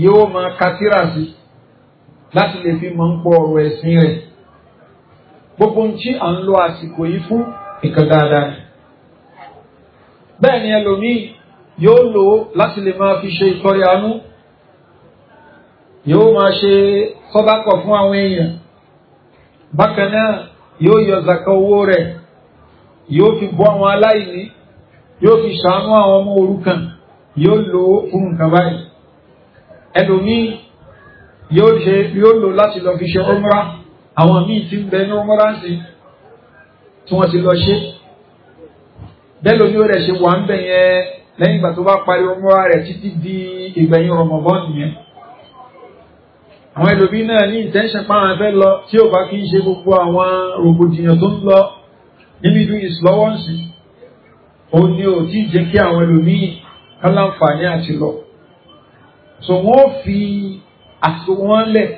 yóò máa ka tírà láti lè fi máa ń pọ̀ ọ̀rọ̀ ẹ̀sìn rẹ̀ gbogbo ń tí à ń lo àsìkò yìí fún nǹkan dáadáa ni. bẹ́ẹ̀ ni ẹlòmíì yóò lò ó láti lè máa fi ṣe ìtọrẹ àánú yóò máa ṣe sọ́dákọ̀ fún àwọn èèyàn bákan náà yóò yọ zaka owó rẹ̀ yóò fi bọ́ àwọn aláìní yóò fi ṣàánú àwọn ọmọ òrukàn yóò lò ó fún nǹkan báyìí ẹlòmíì yóò lò láti lọ fi ṣe ọmọra àwọn míì ti ń bẹ ní ọmọra ń sìn tí wọ́n ti lọ ṣe bẹ́ẹ̀ lómi ó rẹ̀ ṣe wà ń bẹ̀ yẹn lẹ́yìn ìgbà tó bá parí ọmọ rẹ̀ títí di ìgbẹ̀yìn Ramadan nìyẹn àwọn ẹlòmí náà ní intention páwọn afẹ́ lọ tí ò bá kí ń ṣe gbogbo àwọn rògbòdìyàn tó ń lọ níbi ìlú ìsìlọ́wọ́nsì ó ní ò tí jẹ́ kí àwọn ẹlòmí kálánfààní àti lọ so wọ́n fi àsìkò wọn lẹ̀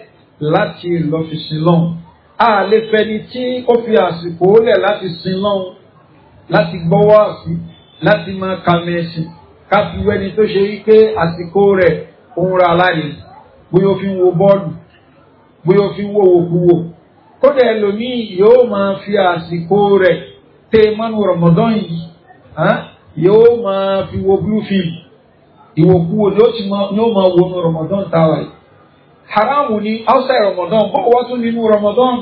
láti lọ fi sin lọ́hùn a lè fẹni tí ó fi àsìkò lẹ̀ láti sin lọ́hùn láti gbọ́wọ́ àfi láti máa kàmẹ́sì ká fi wẹ́ni tó ṣe wípé àsìkò rẹ̀ òun ra láàyè bóyá ó fi ń wo bọ́ọ̀lù bóyá ó fi ń wo òkúwò kódà ẹlòmíì yóò máa fi àsìkò rẹ̀ tẹ mọ́nú rọ̀mọ́dán yìí yóò máa fi wo blue ìwòkúwò ni máa wo nu rọ̀mọ́dán táwa yìí haramu ni outside Ramadan bọ́ọ̀ wá tún nínú Ramadan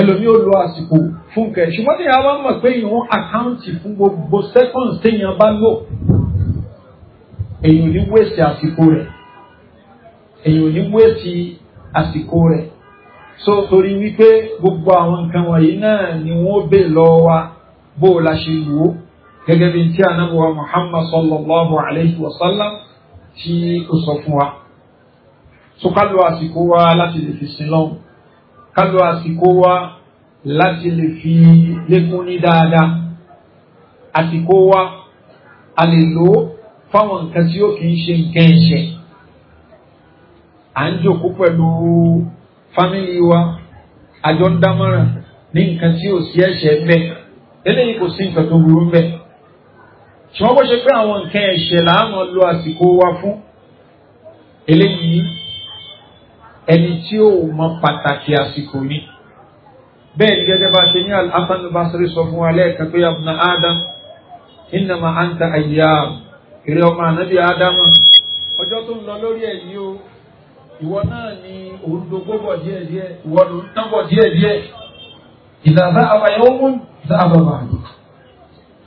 ẹlòmí ó lo àsìkò fún kẹ ṣùgbọ́n ní àwọn mọ̀ pé ìwọ̀n àkáǹtì fún gbogbo seconds téèyàn bá lò èyàn ò ní wéṣì àsìkò rẹ̀ èyàn ní wéṣì àsìkò rẹ̀ so torí wípé gbogbo àwọn nǹkan wọ̀nyí náà ni wọ́n bè lọ wa bó o la ṣe wò ó gẹ́gẹ́ bí tí anábọ̀ Muhammad sallallahu alayhi wa sallam tí ó sọ fún wa so ká lo àsìkò wa láti lè fi sin lọ́wọ́ ká lo àsìkò wa láti lè fi lékún ní dáadáa àsìkò wa a lè lò ó fáwọn nǹkan tí ó kì í ṣe nǹkan ẹ̀ṣẹ̀ à ń jòkó pẹ̀lú fámìlì wa àjọ ń dámọ̀ràn ní nǹkan tí ò sí ẹ̀ṣẹ̀ bẹ́ẹ̀ eléyìí kò sí nǹkan tó burú bẹ́ẹ̀ ṣùgbọ́n bó ṣe pé àwọn nǹkan ẹ̀ṣẹ̀ làá mọ̀ lo àsìkò wa fún eléyìí ẹni tí ó mọ pàtàkì àsìkò ni bẹ́ẹ̀ ni gẹ́gẹ́ bá ṣe ní Al-Hasan Basri sọ fún wa lẹ́ẹ̀kan pé abuna Adam innama anta ayyam ìrẹ́ ọmọ ànábì Adam ọjọ́ tó ń lọ lórí ẹ̀ yìí o ìwọ náà ni òun dogbó bọ̀ díẹ̀díẹ̀ ìwọ ló ń tán bọ̀ díẹ̀díẹ̀ ìdàbà àbàyẹ̀wò mú dáàbà bàbà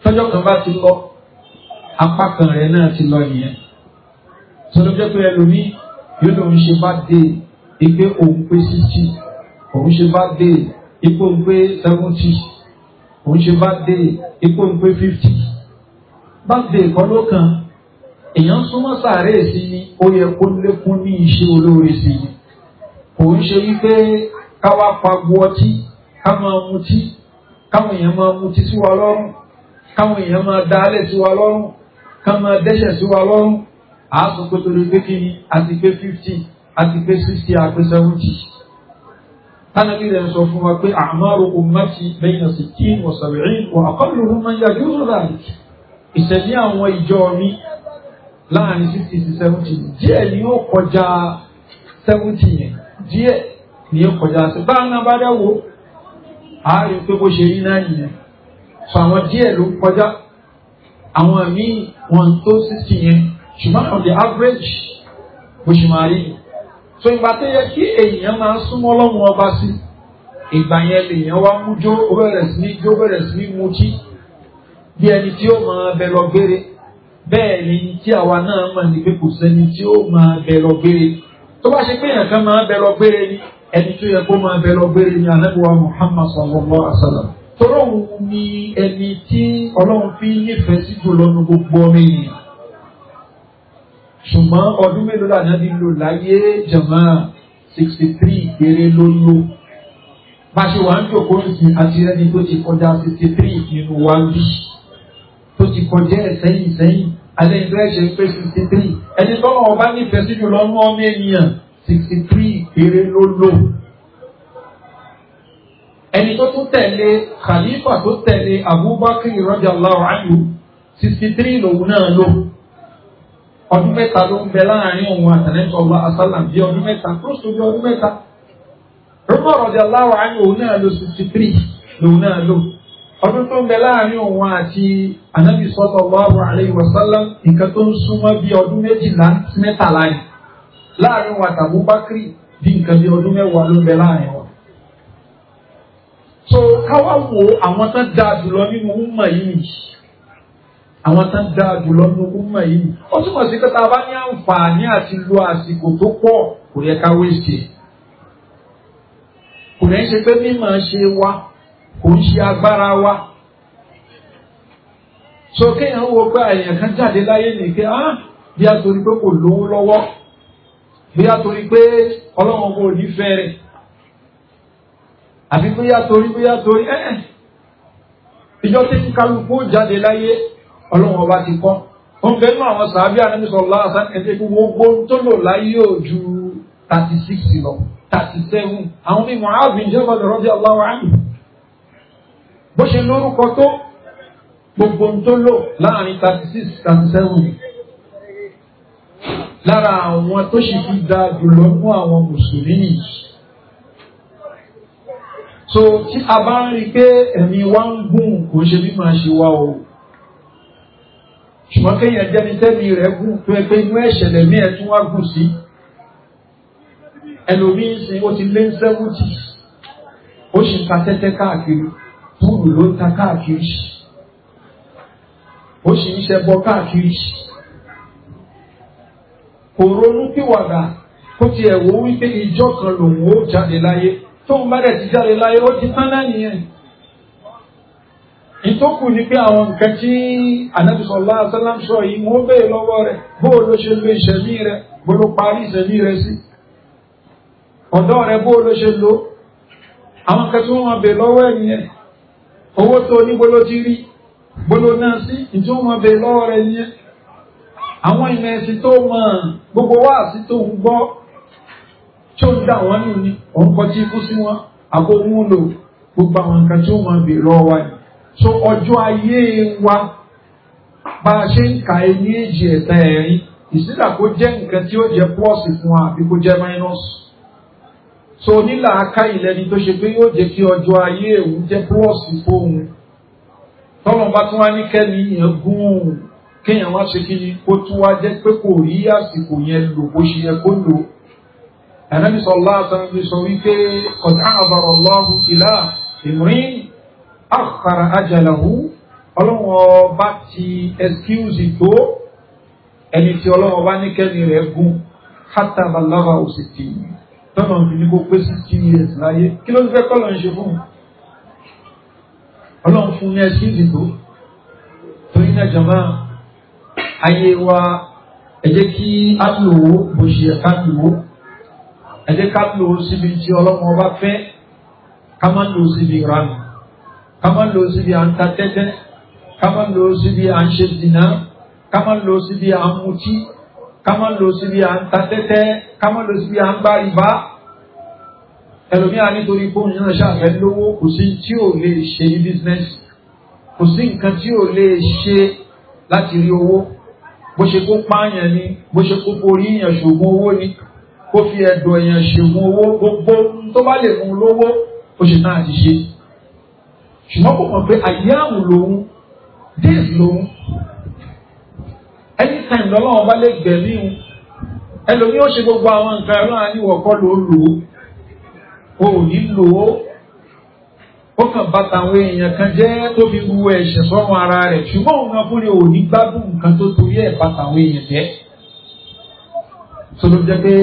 tọ́jọ́ kan bá ti lọ apá kan rẹ̀ náà ti lọ nìyẹn tó pé ẹlòmíì yóò lòun ṣe bá dé e ìpé òun pé sixty òun ṣe bá dé ipò ń pé seventy òun ṣe bá dé ipò ń pé fifty bá dé ìkọ́ ló kan èèyàn súnmọ́ sàárè sí ni ó yẹ kó lékún ní iṣẹ́ olóore sí ni òun ṣe wípé káwá pagbo ọtí ká máa mutí káwọn èèyàn máa mutí sí wa lọ́rùn káwọn èèyàn máa dálẹ̀ sí wa lọ́rùn ká máa dẹ́ṣẹ̀ sí wa lọ́rùn àásùn pé torí pé kí ni àti pé fifty àti pé sixty àpé seventy tánàbí rẹ̀ ń sọ fún wa pé àmàrò ummati bayna sittin wa sab'in wa aqalluhum man yajuzu dhalik ìṣẹ̀lẹ̀ àwọn ìjọ mi láàrin sixty sí seventy díẹ̀ ni yóò kọjá seventy yẹn díẹ̀ ni yóò kọjá sí báwọn náà bá dáwọ́ àárín pé bó ṣe rí náà nìyẹn sọ àwọn díẹ̀ ló kọjá àwọn míì wọn tó sixty yẹn ṣùgbọ́n on the average bó ṣe máa rí yìí so ìgbà tó yẹ kí èèyàn máa súnmọ́ Ọlọ́run ọba sí ìgbà yẹn lèèyàn wá mú jó ó bẹ̀rẹ̀ sí ní jó bẹ̀rẹ̀ sí ní mutí bí ẹni tí ó máa bẹ lọ gbére bẹ́ẹ̀ ni tí àwa náà mọ̀ ní pé kò sẹ́ni tí ó máa bẹ lọ gbére tó bá ṣe pé èèyàn kan máa bẹ lọ gbére ni ẹni tó yẹ kó máa bẹ lọ gbére ni anábìwá Muhammad sallallahu alaihi wasallam tọ́lọ́hún ni ẹni tí Ọlọ́run fi nífẹ̀ẹ́ sí jùlọ ní gbogbo ọmọ ènìyàn ṣùgbọ́n ọdún mélòó lànà bí lò láyé jàmá sixty three péré ló lò bá ṣe wà ń jòkó ìsìn àti ẹni tó ti kọjá sixty three nínú wa bí tó ti kọjá ẹ̀ sẹ́yìn sẹ́yìn alẹ́ ìlú ẹ̀ṣẹ̀ pé sixty three ẹni tọ́lọ̀ ọba nífẹ̀ẹ́ sí jùlọ ní ọmọ ènìyàn sixty three péré ló lò ẹni tó tún tẹ̀lé khalifa tó tẹ̀lé abubakar radiyallahu anhu sixty three lòun náà lò ọdún mẹ́ta ló ń bẹ láàrin òun àtẹnẹ́tọ̀ ọba asálàm bíi ọdún mẹ́ta kúròsó bíi ọdún mẹ́ta. rúbọ̀ ọ̀rọ̀dẹ̀ aláwọ̀ ayé òun náà ló sixty three lòun náà lò. ọdún tó ń bẹ láàrin òun àti anábì sọ́tọ̀ ọlọ́run àlẹ́ ìwọ̀sálàm nǹkan tó ń súnmọ́ bíi ọdún méjìlá sí mẹ́tàlá ni. láàrin òun àtàbú bákírì bíi nǹkan bíi ọdún mẹ́wàá ló ń bẹ láàrin wọn. so káwá wo àwọn tán dáa jùlọ nínú àwọn tó ń dáa jùlọ ní ogúnmọ̀ yìí ó túmọ̀ sí pé tá a bá ní àǹfààní àti lo àsìkò tó pọ̀ kò yẹ ká wéṣì e. kò ní ṣe pé mímọ̀ ṣe wa kò ń ṣe agbára wa so kéèyàn wo pé àyàn kan jáde láyé nìkẹ́ á ah, bí a torí pé kò lówó lọ́wọ́ bí a torí pé ọlọ́run kò nífẹ̀ẹ́ rẹ̀ àfi bóyá torí bóyá torí ẹ̀ eh, ẹ̀ eh. ìjọ tí kálukú jáde láyé ọlọ́run ọba ti kọ́ ó ń bẹ nínú àwọn sàábí ànábì sallallahu alaihi wasallam ẹ̀dẹ́ tó lò láyé ò ju thirty six lọ thirty seven àwọn ní Mu'adh bin Jabal radiyallahu anhu bó ṣe lórúkọ tó gbogbo tó lò láàrin thirty six thirty seven lára àwọn tó sì fi da jùlọ fún àwọn mùsùlùmí nìyí so tí a bá ń rí i pé ẹ̀mí wa ń gùn kò ṣe bí màá ṣe wá o ṣùgbọ́n kéèyàn jẹ́ni tẹ́bi rẹ̀ gùn tó ẹ pé inú ẹ̀ṣẹ̀lẹ̀ mí ẹ̀ tún wá gùn sí ẹlòmíín sí ó ti lé sẹ́wùtì ó sì ka tẹ́tẹ́ káàkiri púùlù ló ń ta káàkiri ó sì ń ṣẹbọ káàkiri kò ronú pìwàdà kó tiẹ̀ wò wípé ìjọ kan lòun ó jáde láyé tóun bá dẹ̀ ti jáde láyé ó ti tán lẹ́yìn yẹn. ìtókù ni pé àwọn nǹkan tí Ànábì sallallahu alaihi bèèrè lọ́wọ́ rẹ̀ bó ló ṣe lo ìṣẹ̀mí rẹ̀ bó ló parí ìṣẹ̀mí rẹ̀ sí ọ̀dọ́ rẹ̀ ló ṣe lo àwọn nǹkan tí wọ́n máa bèèrè lọ́wọ́ ẹ̀ nìyẹn owó tó ní bó náà sí gbogbo tó ń gbọ́ tí ó ń nù ní so ọjọ́ ayé wa bá a ṣe ń ka ẹni èjì ẹ̀ta ẹ̀rin ìsílà kó jẹ́ nǹkan tí ó jẹ́ pọ́ọ̀sì fún wa àbí kó jẹ́ máínọ́ọ̀sì so nílà aká ìlẹ́ni tó ṣe pé yóò jẹ́ kí ọjọ́ ayé òun jẹ́ pọ́ọ̀sì fóun tọ́lọ́n bá tún wá ní kẹ́ni yẹn gún kéèyàn wá ṣe kí ni kó tún wá jẹ́ pé kò rí àsìkò yẹn lò bó ṣe yẹ kó lò ẹ̀nàbísọ̀ ọlá àtàwọn ìgbésọ̀ wípé kọ̀dá àbàrọ̀ lọ́hùn ìlà ìmúrin akhara ajalahu ọlọ́run ọba ti excuse tó ẹni tí ọlọ́run ọba ní kẹ́ni rẹ̀ gùn hátà balaba òsì tì í tọ́nà òbí ní kó pé sixty years láyé kí ló ń fẹ́ kọ́lọ̀ ń ṣe fún un ọlọ́run fún ní excuse tó torí náà jọba ayé wa ẹ jẹ́ kí á lò ó bó ṣe ẹ̀ka lò ó ẹ jẹ́ ká síbi tí ọlọ́run ọba fẹ́ ká má lò síbi ìranù ká má lò síbi à ń ta tẹ́tẹ́ ká má lò síbi à ń ṣe zìnà ká má lò síbi à ń mutí ká má lò síbi à ń ta tẹ́tẹ́ ká má lò síbi à ń gba ìbá ẹlòmíà nítorí bóun náà ṣàfẹ́ lówó kò sí tí ò lè ṣe ní bísínẹ́sì kò sí nǹkan tí ò lè ṣe láti rí owó bó ṣe kó pààyàn ni bó ṣe kó borí èèyàn ṣògùn owó ni kó fi ẹ̀dọ̀ èèyàn ṣògùn owó gbogbo tó bá lè mú lówó ó ṣe náà ti ṣe ṣùgbọ́n kò mọ̀ pé ayé lòun days lòun anytime lọ́lọ́wọ́n bá lè gbẹ̀mí o ẹlòmíì ó ṣe gbogbo àwọn nǹkan ẹ̀rọ àníwọ̀kọ́ ló lò ó ò ní lò ó ó kàn bá tàwọn èèyàn kan jẹ́ tó fi wu ẹ̀ṣẹ̀ sọ́run ara rẹ̀ ṣùgbọ́n òun kan fúnni ò ní gbádùn nǹkan tó torí ẹ̀ bá tàwọn èèyàn jẹ́ sọdọ́ jẹ́ pé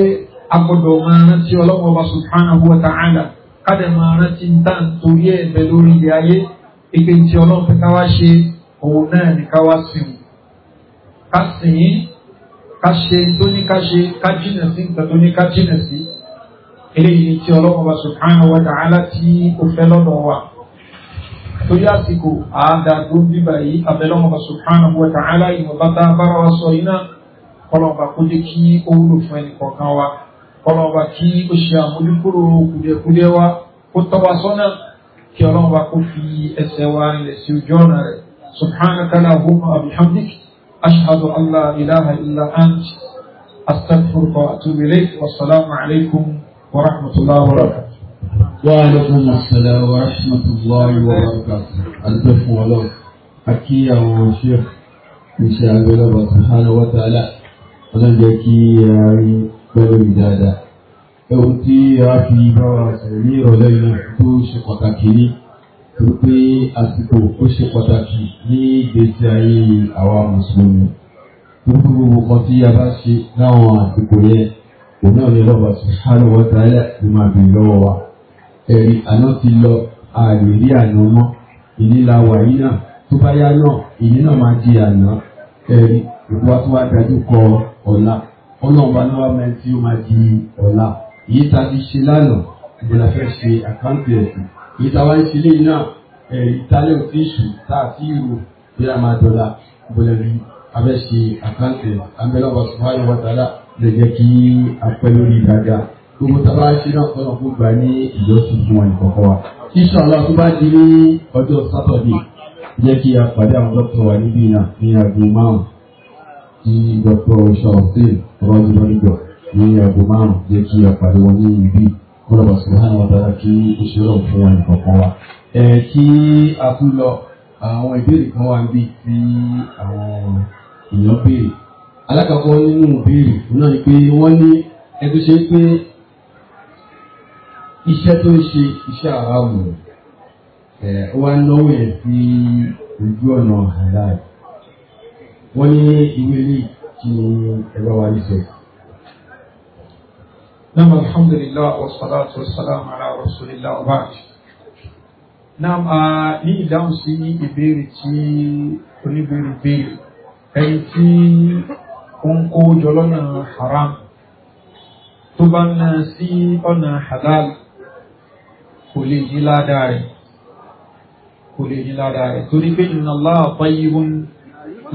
a máa rántí ọlọ́wọ́ wa subhanahu wa ta'ala kádẹ máa rántí ń tàn torí ẹ̀ bẹ lórí ilé ayé ìpè tí ọlọ́run fẹ́ ká wá ṣe òun náà ní ká wá sìn ká sìn ká ṣe tó ní ká ṣe ká jìnà sí nǹkan tó ní ká jìnà sí eléyìí tí ọlọ́run wa subhanahu wa ta'ala tí ó fẹ́ lọ́dọ̀ wa torí àsìkò àádágbó bíbà yìí abẹ́lọ́run wa subhanahu wa ta'ala ìwọ̀n bá tá a bára wa sọ yìí náà ọlọ́run bá kó jẹ́ kí ó wúlò fún ẹnì kọ̀ọ̀kan wa kọlọ́ọ̀bá kí ó ṣe àmójúkúrò kùdẹ̀kùdẹ̀ wa kó tọ́ wa sọ́nà kí ọlọ́ọ̀bá kó fi ẹsẹ̀ wa rinlẹ̀ sí ojú ọ̀nà rẹ̀ subhanaka lahumma wa bihamdik ashhadu an la ilaha illa ant astaghfiruka wa atubu ilayk wa salaamu alaykum wa rahmatullahi wa barakatuh. wa wa rahmatullahi wa barakatuh. àdúgbò fún ọlọ́run àkí àwọn òṣèré iṣẹ́ wa ta'ala ọlọ́jọ́ kí a rí pẹ̀lú ìdáadá ẹ̀hùn tí a fi bára sọ̀rọ̀ ní ìrọ̀lẹ́ iná tó ṣe pàtàkì ní tó pé àsìkò ó ṣe pàtàkì ní ìgbésí ayé àwa mùsùlùmí tó kú gbogbo kan tí a bá ṣe láwọn àsìkò yẹn kò náà ní lọ́ba subhanahu wa ta'ala tó máa bèèrè lọ́wọ́ wa ẹ̀rí àná ti lọ ààrẹ rí àná mọ́ ìnílà wàyí náà tó bá yá náà ìní náà máa di àná ẹ̀rí ìwà kọ ọ̀la ọlọ́ọ̀bá ló wá mẹ́rin tí ó máa di ọ̀la èyí tá a ti ṣe lánàá ìbọ̀lá fẹ́ ṣe àkáǹtì ẹ̀sìn èyí tá a wá ń ṣe léyìn náà ìtàlẹ̀ òtí ìṣù tá a ti rò bí a máa dọ̀la ìbọ̀lá rí abẹ́ ṣe àkáǹtì abẹ́lọ́wọ́ sùnmáyé wọ́tàlá lè jẹ́ kí apẹ́ lórí dáadáa gbogbo tá a bá ṣe náà kọ́nà kó gbà ní ìjọsìn fún wa ìkọ̀kọ̀ wa iṣẹ́ ọ̀la tó bá di ní ọjọ́ sátọ̀dé jẹ́ kí a pàdé ọba jùlọ nígbà ní aago márùn jẹ́ kí a pàdé wọn ní ibi kọlọ̀bà sùgbọ́n wọn dára kí ó fún wọn nìkọ̀kan wa. ẹ kí a tún lọ àwọn ìbéèrè kan wà níbi tí àwọn èèyàn béèrè alákọ̀ọ́kọ́ nínú ìbéèrè náà ni pé wọ́n ní ẹ ṣe pé iṣẹ́ tó ń ṣe iṣẹ́ àwa wò ẹ̀ wá náwó yẹn sí ojú ọ̀nà àdáyé wọ́n ní ìwé eléyìí kí ẹ bá wa nífẹ̀ẹ́. Nam alhamdulillah wa salatu wa salam ala rasulillah wa baaki. Nam a ní ìdáhùn sí ìbéèrè tí oníbéèrè béèrè ẹni tí ó ń kó jọ lọ́nà haram tó bá ń na sí ọ̀nà halal kò lè yí ládàá rẹ̀ kò lè yí ládàá rẹ̀ torí pé inna Allah tayyibun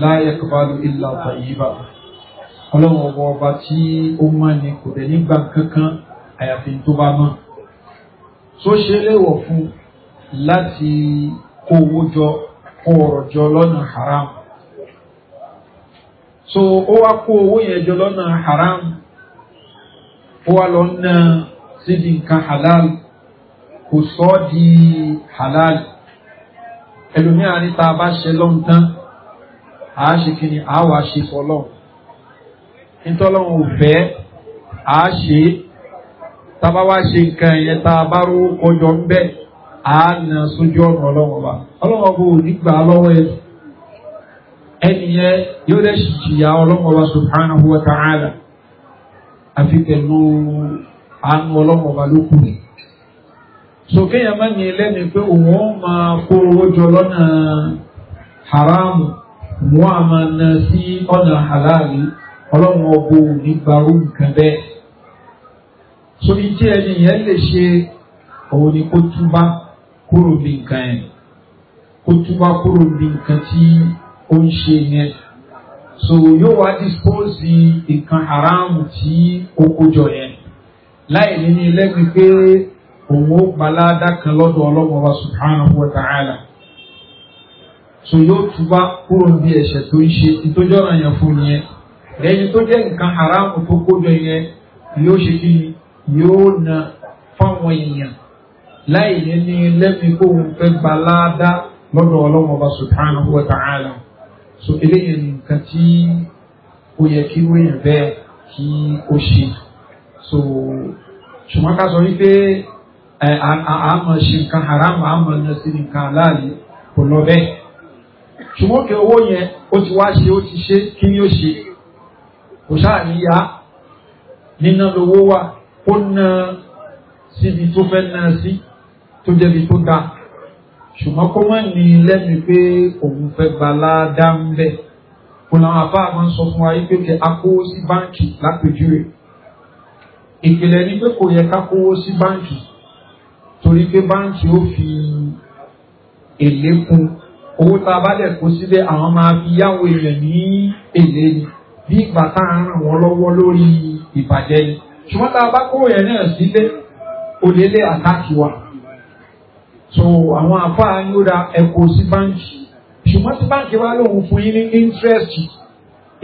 la yaqbalu illa tayyiba ọlọ́wọ́ ọba ọba tí ó mọ́ ni kò dẹ̀ nígbà kankan àyàfi tó bá mọ́ tó ṣe léwọ̀ fún láti kó owó jọ kó ọ̀rọ̀ jọ lọ́nà haram so ó wá kó owó yẹn jọ lọ́nà haram ó wá lọ ná síbi nǹkan halal kò sọ ọ́ di halal ẹlòmíràn ní tá bá ṣe lọ́ntán àá ṣe kí àá wàá ṣe sọ nítọ́lọ́wọ́ òfẹ́ à tabawa ṣe tábà wá ṣe nǹkan yẹn tá a bá rówó kọjọ ń bẹ́ à á nà sójú ọ̀nà ọlọ́wọ́n wa ọlọ́wọ́n bò ní lọ́wọ́ ẹ ẹnìyẹn yóò dẹ̀ ṣì jìyà ọlọ́wọ́n wa subhanahu wa ta'ala àfi pẹ̀lú àánú ọlọ́wọ́n wa ló kù rẹ̀ sókè ní lẹ́nu pé òun máa kó owó jọ lọ́nà haramu òun á máa na sí ọ̀nà halali ọlọ́run ọgbó nígbàrú nǹkan bẹ́ẹ̀ torí tí ẹni yẹn lè ṣe òun ni kó túbá kúrò bí nǹkan ẹ̀ kó túbá kúrò bí nǹkan tí ó ń ṣe yẹn so yóò wá dispose nǹkan haramu tí ó kójọ yẹn láì ní ní lẹ́gbẹ̀ẹ́ pé òun ó gbalada kan lọ́dọ̀ ọlọ́run ọba subhanahu wa ta'ala so yóò túbá kúrò bí ẹ̀ṣẹ̀ tó ń ṣe ìtọ́jọ́ràn yẹn fún yẹn lẹ́yìn tó jẹ́ nǹkan haramu tó kójọ yẹn yóò ṣe kí yóò na fáwọn èèyàn láì ní ní lẹ́mìí kó ń fẹ́ gbalada lọ́dọ̀ ọlọ́wọ́n ọba subhanahu wa ta'ala so eléyìí nǹkan tí ó yẹ kí wéyàn bẹ́ẹ̀ kí ó ṣe so ṣùgbọ́n ká sọ wípé àmọ̀ ṣe nǹkan haramu àmọ̀ náà sí nǹkan aláàlì kò lọ bẹ́ẹ̀ ṣùgbọ́n kí owó yẹn ó ti wá ṣe ó ti ṣe kí ni ó ṣe kò sáà ní yá níná lówó wà ó ná síbi tó fẹ́ ná sí tó jẹ́bi tó dáa ṣùgbọ́n kó má ní lẹ́nu pé òun fẹ́ gbalá dá ń bẹ̀ kò làwọn àbá máa sọ fún wa pé kí a sí báǹkì lápèjúwe ìpìlẹ̀ ni pé kò yẹ ká kówó sí báǹkì torí pé báǹkì ó fi èlé kún owó tá a bá dẹ̀ kó síbẹ̀ àwọn máa fi yáwó èèyàn ní èlé ni bí ìgbà tá a ràn wọ́n lọ́wọ́ lórí ìbàjẹ́ ni ṣùgbọ́n tá a bá kó náà sílé olélé àtàkì wa so àwọn àfáà ní ó ra ẹ̀kọ́ sí báńkì ṣùgbọ́n tí báńkì wa lòun fún yín ní interest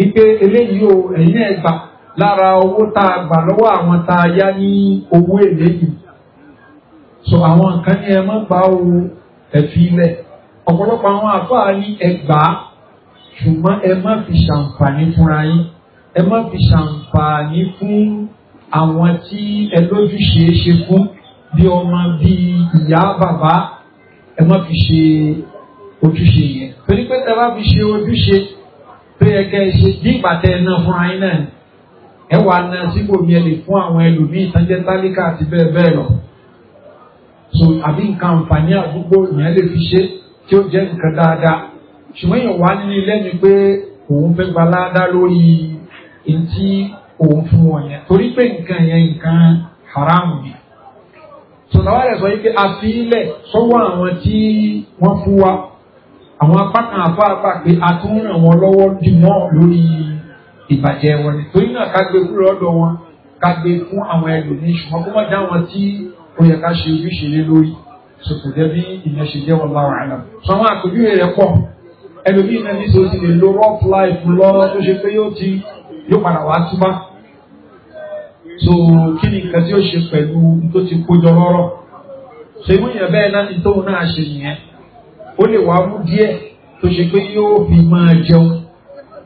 ipe eléyìí o ẹ̀yin ẹ̀ gbà lára owó tá a gbà lọ́wọ́ àwọn tá a yá ní owó èlé yìí so àwọn kan ní ẹ má gbà o ẹ ọ̀pọ̀lọpọ̀ àwọn àfáà ní ẹgbàá ṣùgbọ́n ẹ má fi ṣàǹfààní fúnra yín ẹ má fi ṣàǹfààní fún àwọn tí ẹ lójú ṣeé ṣe fún bí ọmọ bí ìyá bàbá ẹ má fi ṣe ojúṣe yẹn torí pé tẹ bá fi ṣe ojúṣe tó yẹ kẹ ẹ ṣe bí ìpàtẹ náà fúnra yín náà ẹ wà ná síbò mi ẹ lè fún àwọn ẹlòmíín tán jẹ tálíkà àti bẹ́ẹ̀ bẹ́ẹ̀ lọ so àbí nǹkan àǹfààní àdúgbò yẹn lè fi ṣe tí ó jẹ nǹkan dáadáa ṣùgbọ́n èèyàn wá ní lẹ́nu pé òun fẹ́ gba ládá lórí etí òun fún wọn yẹn torí pé nǹkan yẹn nǹkan haramu ni sọ̀tàwá rẹ̀ sọ wípé àfilẹ̀ sọ́wọ́ àwọn tí wọ́n fún wa àwọn apá kan apá apá pé a tún ràn wọ́n lọ́wọ́ dì mọ́ lórí ìbàjẹ́ wọn ni torí náà ká gbé kúrò ọ̀dọ̀ wọn ká gbé fún àwọn ẹlòmíín ṣùgbọ́n kó má dá wọn tí ó yẹ ká ṣe ojúṣe lé lórí sọ̀tàjẹ́ bí ìyẹn ṣe jẹ́ wọn láwọn àlà sọ àwọn àpèjúwe rẹ̀ pọ̀ ẹlòmíì náà ní sọ́ọ́ ti lè lo rough life lọ tó ṣe pé yóò ti yóò padà wá túbá so kí ni nǹkan tí ó ṣe pẹ̀lú tó ti kójọ rọ́rọ́ so ìmú yẹn bẹ́ẹ̀ náà ni tóun náà ṣe nìyẹn ó lè wá mú díẹ̀ tó ṣe pé yóò fi máa jẹun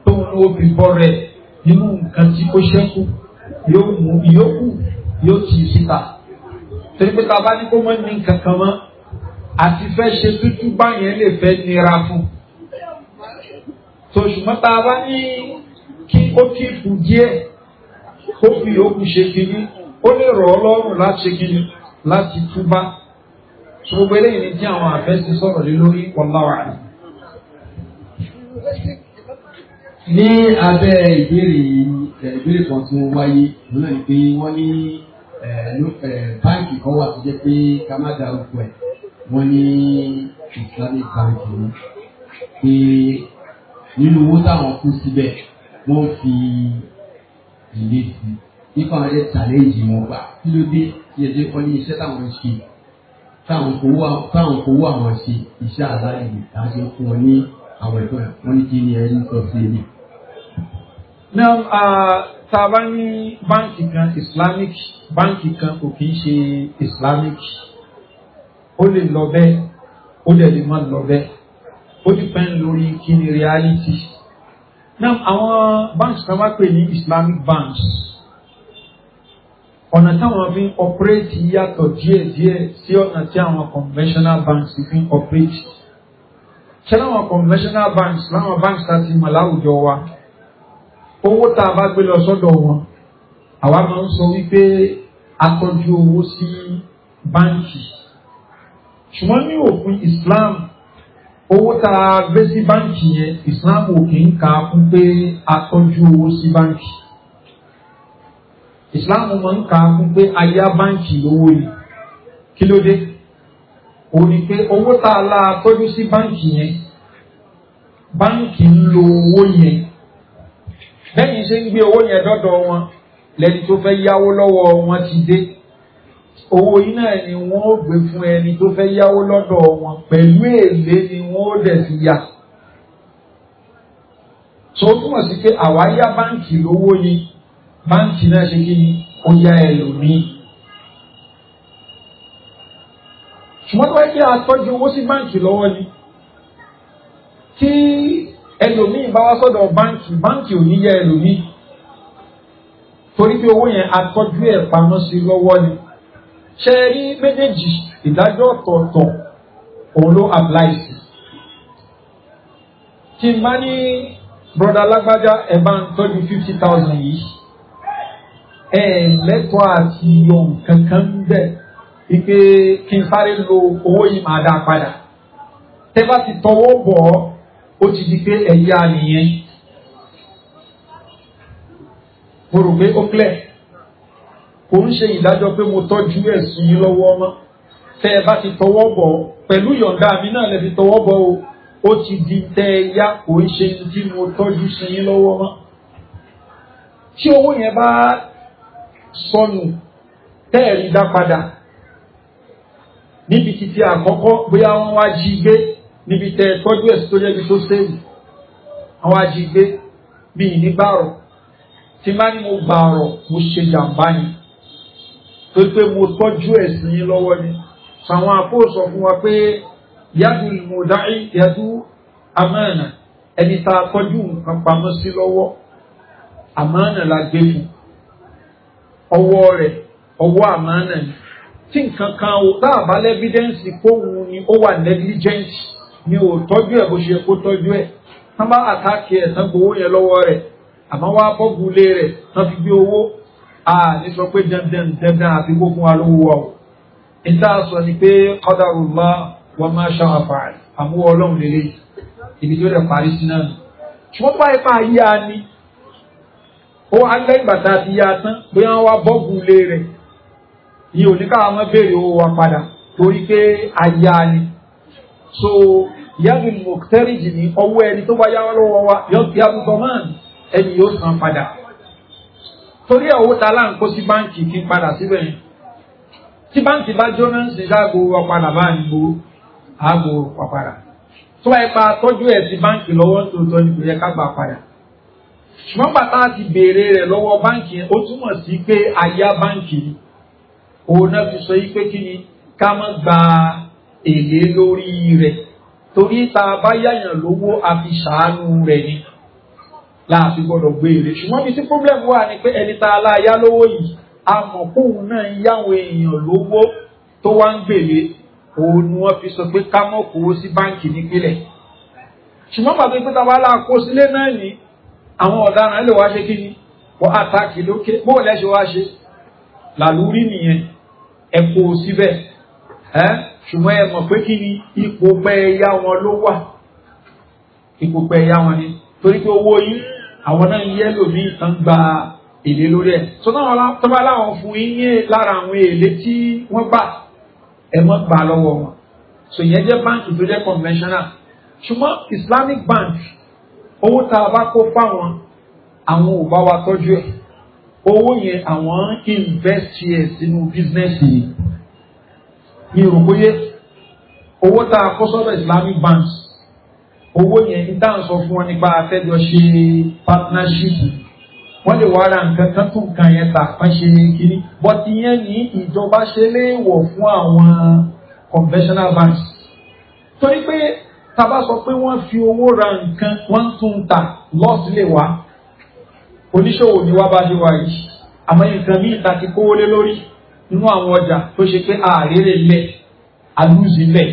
tóun náà ó fi bọ́ rẹ̀ nínú nǹkan tí ó ṣẹ́kù yóò mú ìyókù yóò tì síta torí pé tá a bá ní kó mọ́ ní nǹkan mọ́ àti fẹ́ ṣe tútú báyẹn lè fẹ́ nira fún un so ṣùgbọ́n tá a bá ní kí ó kí fún díẹ̀ ó fi yòókù ṣe kíní ó lè rọ̀ ọ́ lọ́rùn láti ṣe kíní láti túbá gbogbo eléyìí ni tí àwọn àfẹ́sí sọ̀rọ̀ lé lórí wallahu a'lam. ní abẹ́ ìbéèrè ìbéèrè kan tí wọ́n wáyé lọ́nà ni pé wọ́n ní báńkì kan wà tó jẹ́ pé ká má da ẹ̀ wọ́n ní Islamic bank ni pé nínú owó táwọn kú síbẹ̀ wọ́n fi ìlé sí nípa àwọn ẹ̀jẹ̀ challenge wọn gbà kí ló dé tí ẹ̀jẹ̀ kọ́ ní iṣẹ́ táwọn ń ṣe táwọn kówó àwọn ṣe iṣẹ́ àlàyé ìdájọ́ fún wọn ní àwọn ẹ̀kọ́ ẹ̀ wọ́n ní kí ni ẹ̀yìn sọ sí ẹ̀yìn. náà uh, tá a bá ní báǹkì kan islamic báǹkì kan kò kí ń ṣe islamic ó lè lọ bẹ́ẹ̀ ó dẹ̀ lè má lọ bẹ́ẹ̀ ó depend lórí kí ni reality now àwọn banks kan wá pè ní Islamic banks ọ̀nà táwọn fi ń operate yàtọ̀ díẹ̀díẹ̀ sí ọ̀nà tí àwọn conventional banks fi ń operate ṣé láwọn conventional banks láwọn banks láti mọ̀ láwùjọ wa owó tá a bá gbé lọ sọ́dọ̀ wọn àwa máa ń sọ wípé a tọ́jú owó sí báńkì ṣùgbọ́n ní òfin Islam owó tá a gbé sí báǹkì yẹn ìsìláàmù ò kì í ka kún pé a tọ́jú owó sí báǹkì ìsìláàmù máa ń ka kún pé a yá lówó ni kí ló dé ó ní pé owó tá a la tọ́jú sí báǹkì yẹn báǹkì ń lo owó yẹn bẹ́ẹ̀ ni ṣe ń gbé owó yẹn dọ́dọ̀ wọn lẹ́ni tó fẹ́ yáwó lọ́wọ́ wọn ti dé owó yìí náà ni wọ́n ó gbé fún ẹni tó fẹ́ yáwó lọ́dọ̀ wọn pẹ̀lú èlé ni wọ́n ó dẹ̀ ti yá. so ó túmọ̀ sí pé àwa yá báǹkì lówó ni báǹkì náà ṣe kí ni ó yá ẹlòmíì. ṣùgbọ́n tó wáyé kí a tọ́jú owó sí báǹkì lọ́wọ́ ni tí ẹlòmíì bá wá sọ́dọ̀ báǹkì báǹkì ò ní yá ẹlòmíì torí pé owó yẹn a ẹ̀ pamọ́ sí lọ́wọ́ ni ṣe rí méjèèjì ìdájọ́ ọ̀tọ̀ọ̀tọ̀ òun ló apply sí tí n bá ní broda lágbájá ẹ bá ń tọ́jú fifty thousand yìí ẹ lẹ́tọ̀ọ́ àti yọ nǹkan kan ń bẹ̀ wípé kí n sáré lo owó yìí máa dá padà tẹ́ bá ti tọwọ́ bọ̀ ọ́ ó ti di pé ẹ̀yà nìyẹn mo rò pé ó clear kò ń ṣe ìdájọ́ pé mo tọ́jú ẹ̀ sí i lọ́wọ́ mọ́ tẹ́ ẹ bá ti tọwọ́ bọ̀ pẹ̀lú yọ̀ǹda mi náà lẹ ti tọwọ́ bọ̀ o ó ti di tẹ́ ẹ yá kò ń ṣe tí mo tọ́jú sí i lọ́wọ́ mọ́ tí owó yẹn bá sọnù tẹ́ ẹ dá padà níbi títí àkọ́kọ́ bóyá wọ́n wá jí gbé níbi tẹ́ ẹ tọ́jú ẹ̀ tó jẹ́ ibi tó sẹ́yìn wọ́n wá jí gbé bí ìní tí má ní mo bàrọ̀ mo ṣe jàǹbá yẹn torí pé mo tọ́jú ẹ̀sìn yín lọ́wọ́ ni sàwọn àpòsọ fún wa pé yadu mudai yadu amana ẹni tá a tọ́jú nǹkan pamọ́ sí lọ́wọ́ amana la gbé fún ọwọ́ rẹ̀ ọwọ́ amana ni tí nǹkan kan ò tá a bá lẹ́bídẹ́ǹsì kóhun ni ó wà nẹ́gílíjẹ́ǹsì ni ò tọ́jú ẹ̀ bó ṣe kó tọ́jú ẹ̀ tán bá àtàkì ẹ̀ tán gbowó yẹn lọ́wọ́ rẹ̀ àmọ́ wá bọ́gùlé rẹ̀ tán fi gbé owó a ní sọ pé dandan dandan àti gbogbo wa ló wọ ọ níta sọ ni pé qadarullah wa ma sha'a fa'al àmúwọ Ọlọ́run lélẹ ibi tó lè parí sí náà ṣùgbọ́n báyìí máa yá a ní ó alẹ́ ìgbà ti yá a tán bóyá wá bọ́ọ̀gù lé rẹ̀ ní oníkàwá mọ́ béèrè owó wa padà torí pé a yá a ní so yàgùn mọ̀tẹ́rìjì ní ọwọ́ ẹni tó bá yá lọ́wọ́ wa yàgùn gọ́mọ̀n ẹni yóò san padà torí owó ta là ń kó sí báǹkì kí n padà síbẹ̀ yẹn tí báǹkì bá jóná ń sìn dáàbò ọ̀padà bá ń gbó ààbò ọ̀padà tó wáyé pa tọ́jú ẹ̀ sí báǹkì lọ́wọ́ tòótọ́ ni kò yẹ ká gbà padà ṣùgbọ́n bàtà ti béèrè rẹ̀ lọ́wọ́ báǹkì yẹn ó túmọ̀ sí pé àyà báǹkì òun náà fi sọ yí pé kí ni ká má gba èlé lórí rẹ̀ torí tá bá yáyàn lówó a ṣàánú rẹ̀ ni láàfin gbọ́dọ̀ gbé èrè ṣùgbọ́n ibi tí problem wà ni pé ẹni tá a lá yá lówó yìí a mọ̀ kóun náà ń yáwọn èèyàn lówó tó wá ń gbèrè òun ni wọ́n fi sọ pé ká mọ̀ kówó sí báǹkì nípínlẹ̀ ṣùgbọ́n pàtó pé tá a wá lá kó sílé náà ní àwọn ọ̀daràn lè wá kí ni wọ́n àtàkì lókè bóun lẹ́ṣẹ̀ wá ṣe làlúrí nìyẹn ẹ kó o síbẹ̀ ẹ ṣùgbọ́n ẹ mọ̀ pé kí ni ipò pẹ́ ẹ̀yà wọn ló wà ipò pẹ́ ẹ̀yà wọn ni torí pé owó yìí àwọn náà ń yẹ́ lómi ń gba èlé lórí ẹ̀ tó náà tó bá láwọn fún yín lára àwọn èlé tí wọ́n gbà ẹ mọ́ gbà lọ́wọ́ wọn so ìyẹn jẹ́ báǹkì tó jẹ́ conventional ṣùgbọ́n Islamic bank owó tá a bá kó fáwọn àwọn ò bá wa tọ́jú ẹ̀ owó yẹn àwọn invest yẹn sínú bísínẹ́sì yìí ní ìrògbóyè owó tá a kó sọ́dọ̀ Islamic banks owó yẹn ní tá à ń sọ fún wọn nípa afẹ́jọ ṣe partnership wọ́n lè wá ra nǹkan kan tún nǹkan yẹn tà kán ṣe kiri bọ́tí yẹn ní ìjọba ṣe léèwọ̀ fún àwọn conventional banks torí pé tàbá sọ pé wọ́n fi owó ra nǹkan wọ́n tún tà lọ́ọ̀sì lè wá oníṣòwò ni wá bá dé wá yìí àmọ́ nǹkan míì ta ti kówó lé lórí nínú àwọn ọjà tó ṣe pé àárẹ̀ lẹ̀ alúzi lẹ̀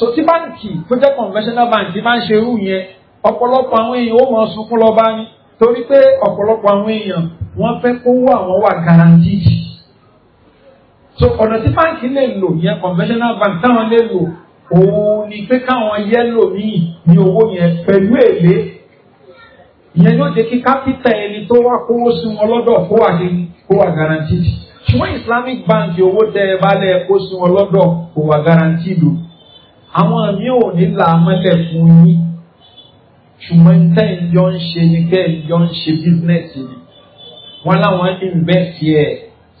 so tí báǹkì tó jẹ́ conventional bank bá ń ṣe irú yẹn ọ̀pọ̀lọpọ̀ àwọn èèyàn ó mọ sunkún lọ́ba ni torí pé ọ̀pọ̀lọpọ̀ àwọn èèyàn wọ́n fẹ́ kówó àwọn wà guaranteed so ọ̀nà tí báǹkì lè lò yẹn conventional bank táwọn lè lò òun ni pé káwọn yẹ́lò míì ní owó yẹn pẹ̀lú èlé ìyẹn yóò jẹ́ kí kápítà ẹni tó wá kówó sí wọn lọ́dọ̀ kó wà ní kó wà guaranteed ṣùgbọ́n Islamic bank owó tẹ ẹ bá lẹ́ẹ̀ sí wọn lọ́dọ̀ kó wà guaranteed o àwọn mi ò ní là mọ́lẹ̀ fún yín ṣùgbọ́n tẹ́ ń ń ṣe ni kẹ́ ń jọ ń ṣe bísínẹ́sì ni wọ́n láwọn invest yẹ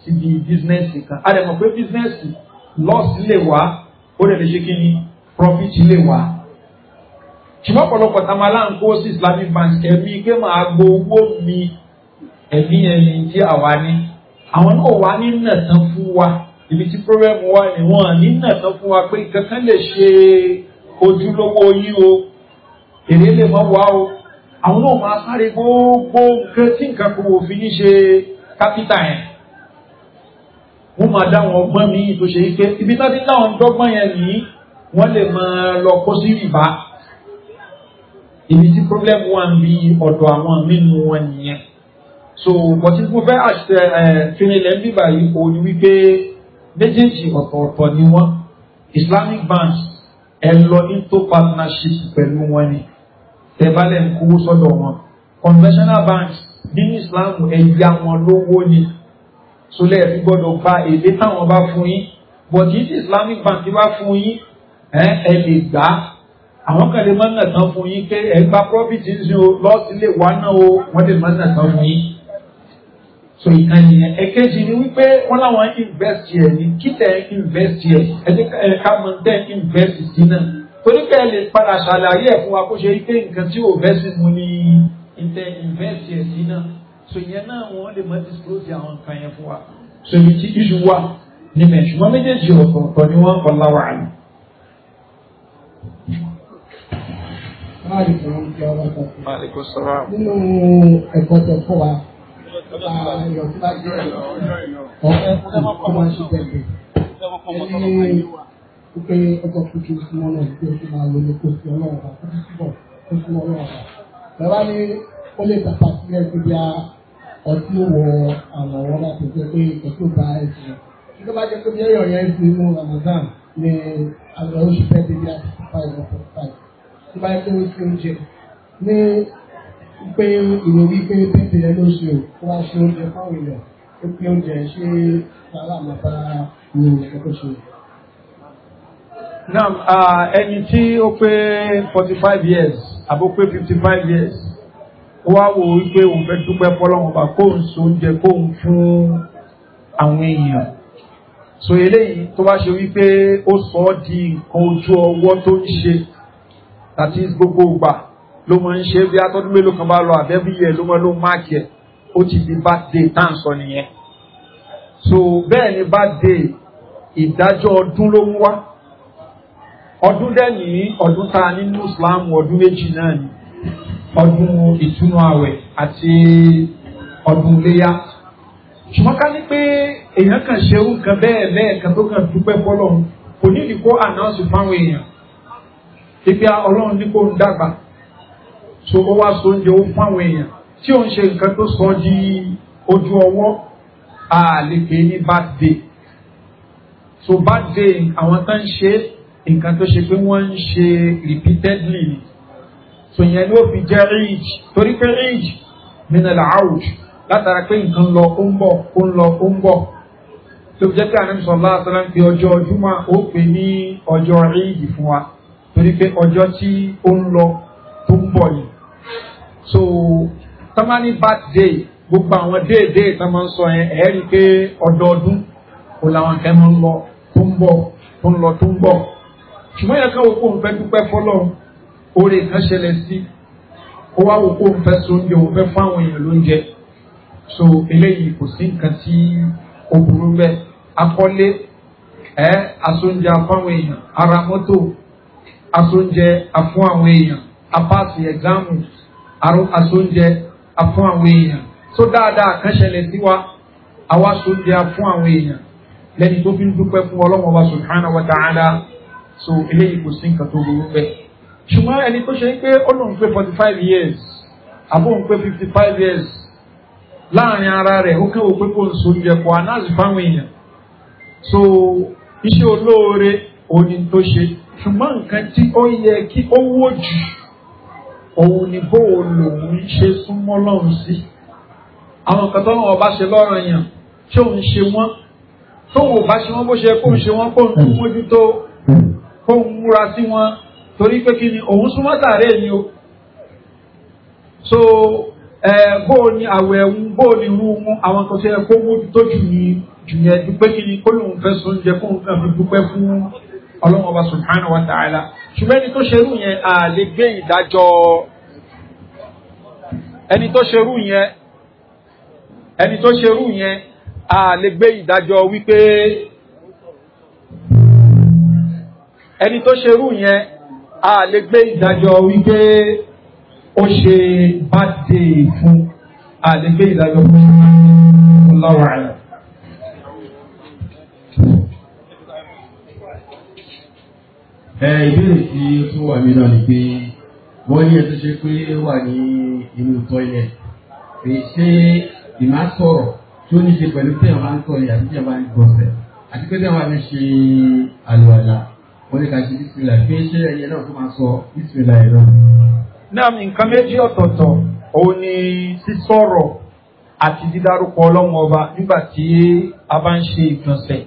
síbi bísínẹ́sì kan a lè mọ̀ pé bísínẹ́sì loss lè wá ó lè lè ṣe kí ni profit lè wá ṣùgbọ́n ọ̀pọ̀lọpọ̀ tá a máa láǹkó sí Islamic bank ẹ̀mí pé màá gbo owó mi ẹ̀mí ẹ̀yìn tí àwa ní àwọn náà wà ní nàtàn fún wa ibi tí pírọ́bẹ́mù wà ní wọn nínà tán fún wa pé nǹkan kan lè ṣe ojúlówó yín o èrè lè mọ́ wá o àwọn náà máa sáré gbogbo nǹkan tí nǹkan kò wò fi ní ṣe kápítà yẹn wọ́n máa dá wọn gbọ́n mi tó ṣe ike ibi táti táwọn dọ́gbọ́n yẹn ní wọ́n lè máa lọ kó sí rìbá ibi tí pírọ́bẹ́mù wà ń bi ọ̀dọ̀ àwọn mímu wọn nìyẹn so bọ̀tí mo fẹ́ àṣẹ eh, ẹ̀ fìrìnlẹ̀ ń bíbà yìí òun ni wípé méjèèjì ọ̀tọ̀ọ̀tọ̀ ni wọ́n Islamic banks ẹ lọ into partnership pẹ̀lú wọn ni tẹ̀bálẹ̀ ń kówó sọ́dọ̀ wọn conventional banks nínú Islam ẹ yá wọn lówó ni sólẹ̀ fi gbọ́dọ̀ gba èlé táwọn bá fún yín but kì Islamic bank bá fún yín ẹ lè gbà á àwọn kan lè má nà tán fún yín pé ẹ gba profit ń sin o lọ́ọ̀sì lè wá náà o wọ́n lè má nà tán fún yín so ìkan nìyẹn èkejì ni wípé wọ́n láwọn invest yẹ ni kílẹ̀ invest yẹ ẹni ká mọ tẹ́ invest sí náà torí pé ẹ lè padà ṣàlàyé ẹ̀ fún wa kó ṣe pé nǹkan tí ò bẹ́ sí mu ni ìtẹ̀ invest yẹ sí náà so ìyẹn náà wọ́n lè mọ disclose àwọn nǹkan yẹn fún wa so ibi tí iṣu wà níbẹ̀ ṣùgbọ́n méjèèjì ọ̀tọ̀ọ̀tọ̀ ni wọ́n kọ́ láwà á. Máàlì kò sọ̀rọ̀. Nínú ẹ̀kọ́ tẹ̀ fún wa ayọ̀ tí bá jẹ́ ọ̀fẹ́ tó máa ṣe tẹ̀lé ẹni wípé ọjọ́ kúkú súnmọ́ náà wípé ó máa lo ní kó sí ọlọ́run bá kó sí bọ̀ kó súnmọ́ ọlọ́run bá. bàbá ní ó lè tàpá sílẹ̀ sí bí a ọtí wọ àwọn ọ̀rọ̀ láti jẹ́ pé ìtọ́jú bá ẹ̀sìn rẹ̀. tó bá jẹ́ pé bí ẹ̀yọ̀ yẹn ti mú Ramadan ní àgbà oṣù fẹ́ẹ́ débi àti five or five. tó bá yẹ kó o ṣe oúnjẹ ní pé ìwé wípé pípẹ́ ẹ ló ṣe ò wá ṣe oúnjẹ fáwọn èèyàn ó pé oúnjẹ ṣé aláàmọ́ta ni ìṣẹ́ tó ṣe. Nam ẹni tí ó pé forty five years àbó pé fifty five years ó wá wò wípé òun fẹ́ dúpẹ́ fọlọ́run bá kóun so oúnjẹ kóun fún àwọn èèyàn so eléyìí tó bá ṣe wípé ó sọ ọ́ di nǹkan ojú ọwọ́ tó ń ṣe àti gbogbo gbà ló máa ń ṣe bí atọ́dún mélòó kan bá lọ àbẹ́bí yẹ ló máa ló máàkì ẹ̀ ó ti di birthday tá à ń sọ nìyẹn. so bẹ́ẹ̀ ni birthday ìdájọ́ ọdún ló mú wá ọdún dẹ́ni ọdún tá a nínú Islam ọdún méjì náà ni ọdún ìtúnu àwẹ̀ àti ọdún iléyà ṣùgbọ́n ká ní pé èèyàn kan ṣe irú nǹkan bẹ́ẹ̀ lẹ́ẹ̀kan tó kàn dúpẹ́ fọlọ́run kò ní ìdíkó ànáàsì fáwọn èèyàn ìgbà ọlọ́run ní kó ń dàgbà so ó wá so oúnjẹ ó fún àwọn èèyàn tí ó ń ṣe nǹkan tó sọ di ojú ọwọ́ a lè pè ní bad day so bad day àwọn tó ń ṣe nǹkan tó ṣe pé wọ́n ń ṣe repeatedly ni so yẹn ló fi jẹ́ ridge torí pé ridge minal out látara pé nǹkan lọ ó ń bọ̀ ó ń lọ ó ń bọ̀ tó jẹ́ pé àná sọ̀lá àtàlà ń pe ọjọ́ Jímọ̀ ó pè ní ọjọ́ ríìdì fún wa torí pé ọjọ́ tí ó ń lọ tó ń bọ̀ yìí so tamani birthday gbogbo àwọn déédé tá a máa ń sọ yẹn ẹ̀ rí i pé ọdọọdún kò làwọn kan máa ń lọ tó ń bọ̀ tó ń lọ tó ń bọ̀ ṣùgbọ́n yẹn káwọ́ kó ń fẹ́ dúpẹ́ fọlọ́ oore kan ṣẹlẹ̀ sí ó wá wò kó ń fẹ́ so oúnjẹ òun fẹ́ fún àwọn èèyàn lóúnjẹ so eléyìí kò sí nǹkan tí ó burú bẹ́ẹ̀ akọ́lé ẹ̀ asóúnjẹ afáwọn èèyàn ara mọ́tò asóúnjẹ afún àwọn èèyàn apáàsì ẹ̀gáàmù aṣoúnjẹ afún àwọn èèyàn tó dáadáa kan ṣẹlẹ̀ sí wa àwa aṣoúnjẹ afún àwọn èèyàn lẹ́ni tó fi ń fún wa wa so eléyìí kò sí nǹkan tó burú bẹ́ẹ̀. ṣùgbọ́n ẹni tó ṣe ń forty five years àbó òun pé fifty five years láàrin ara rẹ̀ ó kéwò pé kò ń soúnjẹ anáàzì so iṣẹ́ olóore òní tó ṣe ṣùgbọ́n nǹkan tí ó yẹ kí ó òun ni bóun lòun ṣe súnmọ́ lọ́run sí àwọn kan tó lọ́wọ́ bá ṣe lọ́rọ̀ yàn tí òun ṣe wọ́n tóun ò bá ṣe wọ́n bó ṣe kóun ṣe wọ́n kóun tún hmm. mójútó kóun múra sí wọn torí pé kí ni òun súnmọ́ sàárẹ̀ ni o so ẹ bóun ni àwẹ̀ ń bóun ni irú mu àwọn kan tó yẹ kó mójútó jù ní jù yẹn dúpẹ́ kí ni kó lóun fẹ́ sọ oúnjẹ kóun kàn fi dúpẹ́ fún ọlọ́wọ́n ọba subhanahu ṣùgbọ́n ẹni tó ṣerú yẹn à ìdájọ́ ẹni tó ṣerú yẹn ẹni tó ṣerú yẹn a lè gbé ìdájọ́ wípé ẹni tó ṣerú yẹn a lè gbé ìdájọ́ wípé ó ṣe bá dé fún a lè gbé ìdájọ́ fún ọlọ́wọ́ àyà. ìbéèrè tí ó tún wà mí náà wọ́n ní ẹ̀ ṣe pé wà ní inú tọ́lẹ̀ pé ṣé ìmá sọ̀rọ̀ tí ó ní ṣe pẹ̀lú tẹ̀yàn máa ń sọ ìyàtí tẹ̀yàn máa ń gbọ̀nsẹ̀ àti pé tẹ̀yàn máa ń ṣe àlùwàlà wọ́n lè ka ṣe bísímìlà pé ṣé ẹyẹ náà tó máa sọ bísímìlà ẹ̀ náà. náà nǹkan méjì ọ̀tọ̀ọ̀tọ̀ òun ni sísọ̀rọ̀ àti dídárúkọ ọlọ́mọ ọba nígbà tí a bá ń ṣe ìgbọ̀nsẹ̀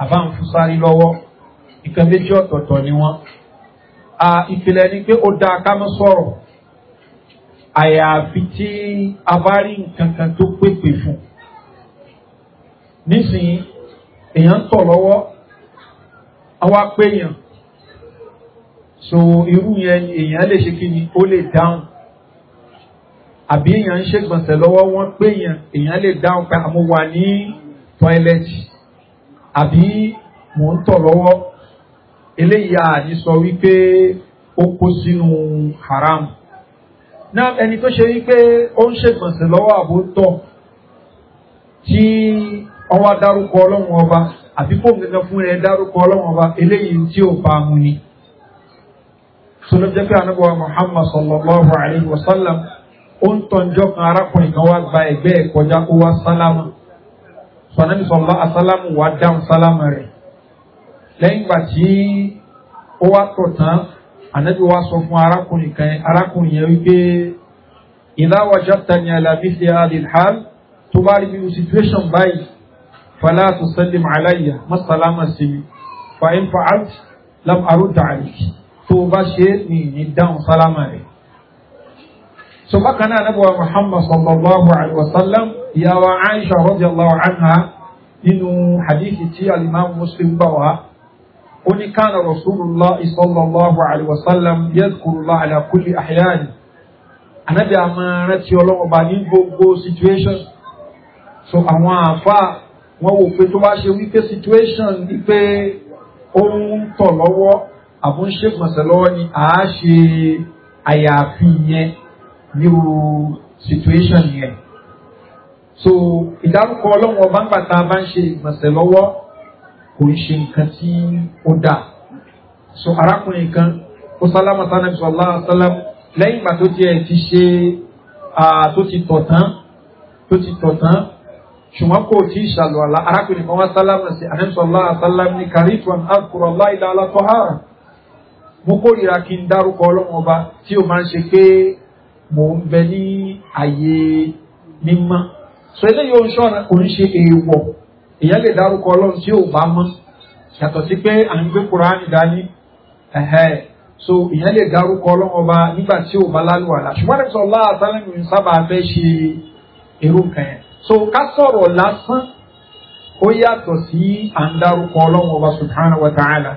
a ń fúsárì lọ́wọ́ nǹkan méjì ọ̀tọ̀ọ̀tọ̀ ni wọ́n. ìpìlẹ̀ ni pé ó dáa ká mọ́ sọ̀rọ̀ àyàfi tí a bá rí nǹkan kan tó pépè fún nísìnyí èèyàn ń tọ̀ lọ́wọ́ àwa péyàn so irú yẹn èèyàn lè ṣe kí ni ó lè dáhùn àbí èèyàn ń ṣègbọ̀nsẹ̀ lọ́wọ́ wọ́n péyàn èèyàn lè dáhùn pé àmọ́ wà ní tọ́ẹ̀lẹ̀tì àbí mò ń tọ̀ lọ́wọ́ eléyìí àní sọ wípé ó kó sínú haram náà ẹni tó ṣe wípé ó ń ṣègbọ̀nsẹ̀ lọ́wọ́ àbò tọ̀ tí ọwọ́ dárúkọ ọlọ́run ọba àfi fóun gẹ́gẹ́ fún rẹ̀ dárúkọ ọlọ́run ọba eléyìí tí ò bá mu ni. sọlọ jẹ́ pé anábọ̀ Muhammad sallallahu alayhi wa sallam ó ń tọ́jọ́ kan arákùnrin kan wá gba ẹ̀gbẹ́ ẹ̀ kọjá ó wá sálámà sọ̀nàmì sọ̀lá asálámù wá dáhùn sálámà rẹ̀ lẹ́yìn ìgbà tí ó wá tọ̀ tán anabi wa sọ fún arákùnrin kan arákùnrin yẹn wípé ìdáwàjá tani alamíṣe adìlhal tó bá rí bíi situation báyìí fàlá tó sẹ́lẹ̀ màláyà mọ́sálámà sí mi fàyín fàált lam arúta àlìkì tó bá ṣe ní ní dáhùn sálámà rẹ̀. so bákan náà anabi wa muhammad sallallahu alaihi wa sallam ìyá wa aisha radiyallahu anha nínú hadithi tí alimami muslim bá wa oni kana rasulullah sallallahu alaihi wasallam yadhkurullah ala kulli ahyan anabi amara ti Ọlọ́run ba ní gbogbo situation so àwọn afa wọ́n wò pé tó bá ṣe wípé situation ni pé ohun tọ̀ lọ́wọ́ àbún ṣe pọ̀sẹ̀ lọ́wọ́ ni ṣe àyàfi yẹn nírú situation yẹn so ìdárúkọ Ọlọ́run ọba ń gbà bá ń ṣe ìgbọ̀nsẹ̀ kò ń ṣe nǹkan tí ó dà so arákùnrin kan ó sálámà sanabi sọlá sálámù lẹ́yìn ìgbà tó tiẹ̀ ti ṣe tó ti tọ̀ tán tó ti tọ̀ tán ṣùgbọ́n kò tí ì ṣàlùwàlá arákùnrin kan wá sálámù sí anabi sọlá sálámù ní kàrífù àkùrọ̀ láìlà alátọ́hárà mo kórìíra kí n dárúkọ ọlọ́run ọba tí o máa ń ṣe pé mò ń bẹ ní àyè mímọ́ so eléyìí ò ń ṣọ́ra kò ń ṣe èèwọ̀ ìyẹn lè dárúkọ ọlọ́run tí ò bá mọ́ yàtọ̀ sí pé à ń gbé kuraani dání so ìyẹn lè dárúkọ ọlọ́run ọba nígbà tí ò bá lálùwàlà ṣùgbọ́n ní sọ̀rọ̀ láàtàlẹ́nu sábà fẹ́ ṣe èrò kan yẹn so ká sọ̀rọ̀ lásán ó yàtọ̀ sí à ń dárúkọ ọlọ́run ọba subhanahu wa ta'ala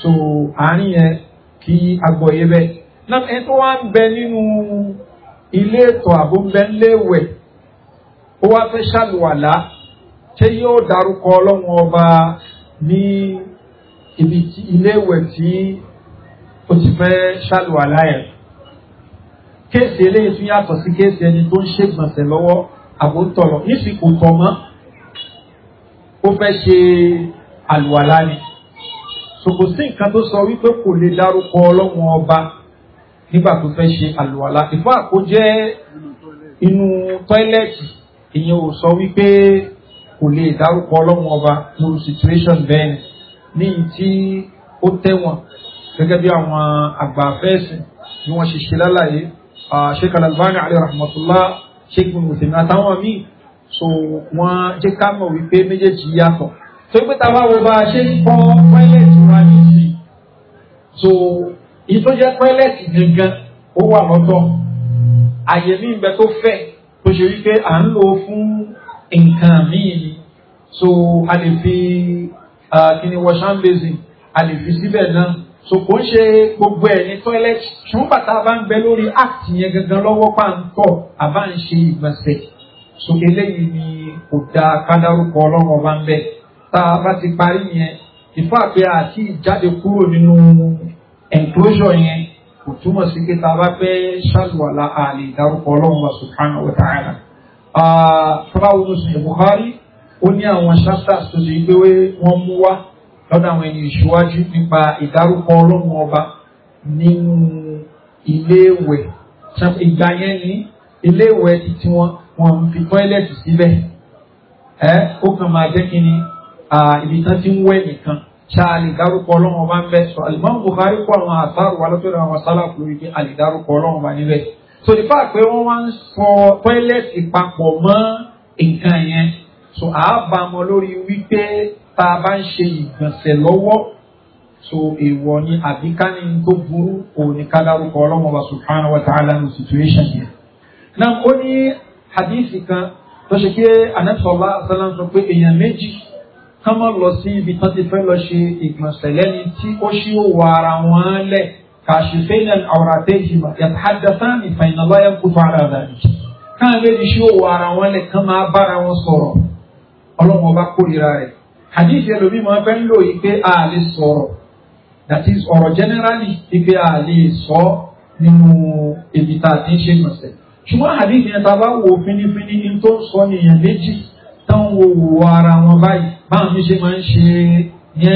so àárín yẹn kí agbọ̀yé bẹ́ẹ̀ náà ẹni tó wá ń bẹ nínú ilé ètò àbúgbẹ́ńléwẹ̀ ó wá fẹ́ ṣàlùwàlà ṣé yóò dárúkọ ọlọ́run ọba ní ibi iléèwẹ̀ tí ó ti fẹ́ ṣàlùwàlá ẹ̀ kéèsì eléyìí tún yàtọ̀ sí kéèsì ẹni tó ń ṣègbọ̀nsẹ̀ lọ́wọ́ àbótọ̀lọ̀ nífi kò tọ̀ mọ́ ó fẹ́ ṣe àlùwàlá ni ṣòkò sí nǹkan tó sọ wípé kò lè dárúkọ ọlọ́run ọba nígbà tó fẹ́ ṣe àlùwàlá ìfọ́ àkójẹ́ inú tọ́ílẹ̀tì ìyẹn ò sọ wípé kò lè dárúkọ ọlọ́run ọba ní situation bẹ́ẹ̀ ni ní tí ó tẹ̀wọ̀n gẹ́gẹ́ bí àwọn àgbà afẹ́sìn bí wọ́n ṣe ṣe lálàyé Sheikh Al-Albani alayhi Sheikh mùsùlùmí àtàwọn míì so wọ́n jẹ́ ká mọ̀ wípé méjèèjì yàtọ̀ tó ń pè tá wo bá a ṣe ń bọ́ pẹ́lẹ́tì wa ní sí so ìtó jẹ́ pẹ́lẹ́tì gangan ó wà lọ́tọ̀ àyè mí ń bẹ tó fẹ̀ tó ṣe wípé à ń lò fún nǹkan míì ni so a lè fi kíni washhand basin a síbẹ̀ náà so kò ń ṣe gbogbo ẹ̀ ní toilet ṣùgbọ́n bàtà bá ń bẹ lórí act yẹn gangan lọ́wọ́ pàǹtọ̀ àbá ń ṣe ìgbọ̀nsẹ̀ so eléyìí ni kò dáa kádárúkọ ọlọ́run ọba ń bẹ tá a bá ti parí yẹn ìfọ́ àpẹ àti ìjáde kúrò nínú enclosure yẹn kò túmọ̀ sí pé tá a bá fẹ́ ṣàlùwàlà àlè ìdárúkọ ọlọ́run wa subhanahu wa ta'ala. Fọláwo Mùsùlùmí Buhari ó ní àwọn chapters tó ṣe pé wọ́n mú wá lọ́dọ̀ àwọn ẹni ìṣíwájú nípa ìdárúkọ ọlọ́run ọba nínú iléèwẹ̀ ìgbà yẹn ní iléèwẹ̀ títí wọn wọn fi tọ́ílẹ̀tì síbẹ̀ ẹ ó kàn máa jẹ́ kí ni ibi tán ti ń wẹ̀ nìkan ṣáà lè dárúkọ ọlọ́run ọba ń bẹ sọ Imam Bukhari kó àwọn àtàrò wa lọ́tọ́rọ̀ àwọn sálàkù lórí pé a ọlọ́run ọba níbẹ̀ so nípa pé wọ́n wá ń sọ tọ́ílẹ̀tì papọ̀ mọ́ nǹkan yẹn so àábàmọ lórí wípé tá a bá ń ṣe ìgbọ̀nsẹ̀ lọ́wọ́ so èèwọ̀ ni àbíkání tó burú òní ká dárúkọ ọlọ́mọba subhanahu wa ta'ala situation yẹn. náà ó ní hadith kan tó ṣe pé anẹ́sọ̀lá sálám sọ pé èèyàn méjì kán mọ́ lọ sí ibi tán ti fẹ́ lọ ṣe ìgbọ̀nsẹ̀ lẹ́ni tí ó ṣí ó wọ ara wọn lẹ̀ kàṣìfẹ́nà àwòrátẹ́jìmá yàtàdàtàn ìfàyìnàlọ́yà kúfà ara rẹ̀ káà lè ṣí ó wọ ara wọn lẹ̀ kán máa bára wọn sọ̀rọ̀ ọlọ́run ọba kórìíra rẹ̀ hadith ẹlòmíì máa fẹ́ ń lò yìí pé sọ̀rọ̀ that is ọ̀rọ̀ generally ipe a lè sọ nínú ibi tá a ti ń ṣe ìgbọ̀nsẹ̀ ṣùgbọ́n hadith yẹn tá a bá wo finifini ní tó ń sọ nìyẹn méjì tán wo wo ara wọn báyìí báwọn mi ṣe máa ń ṣe ní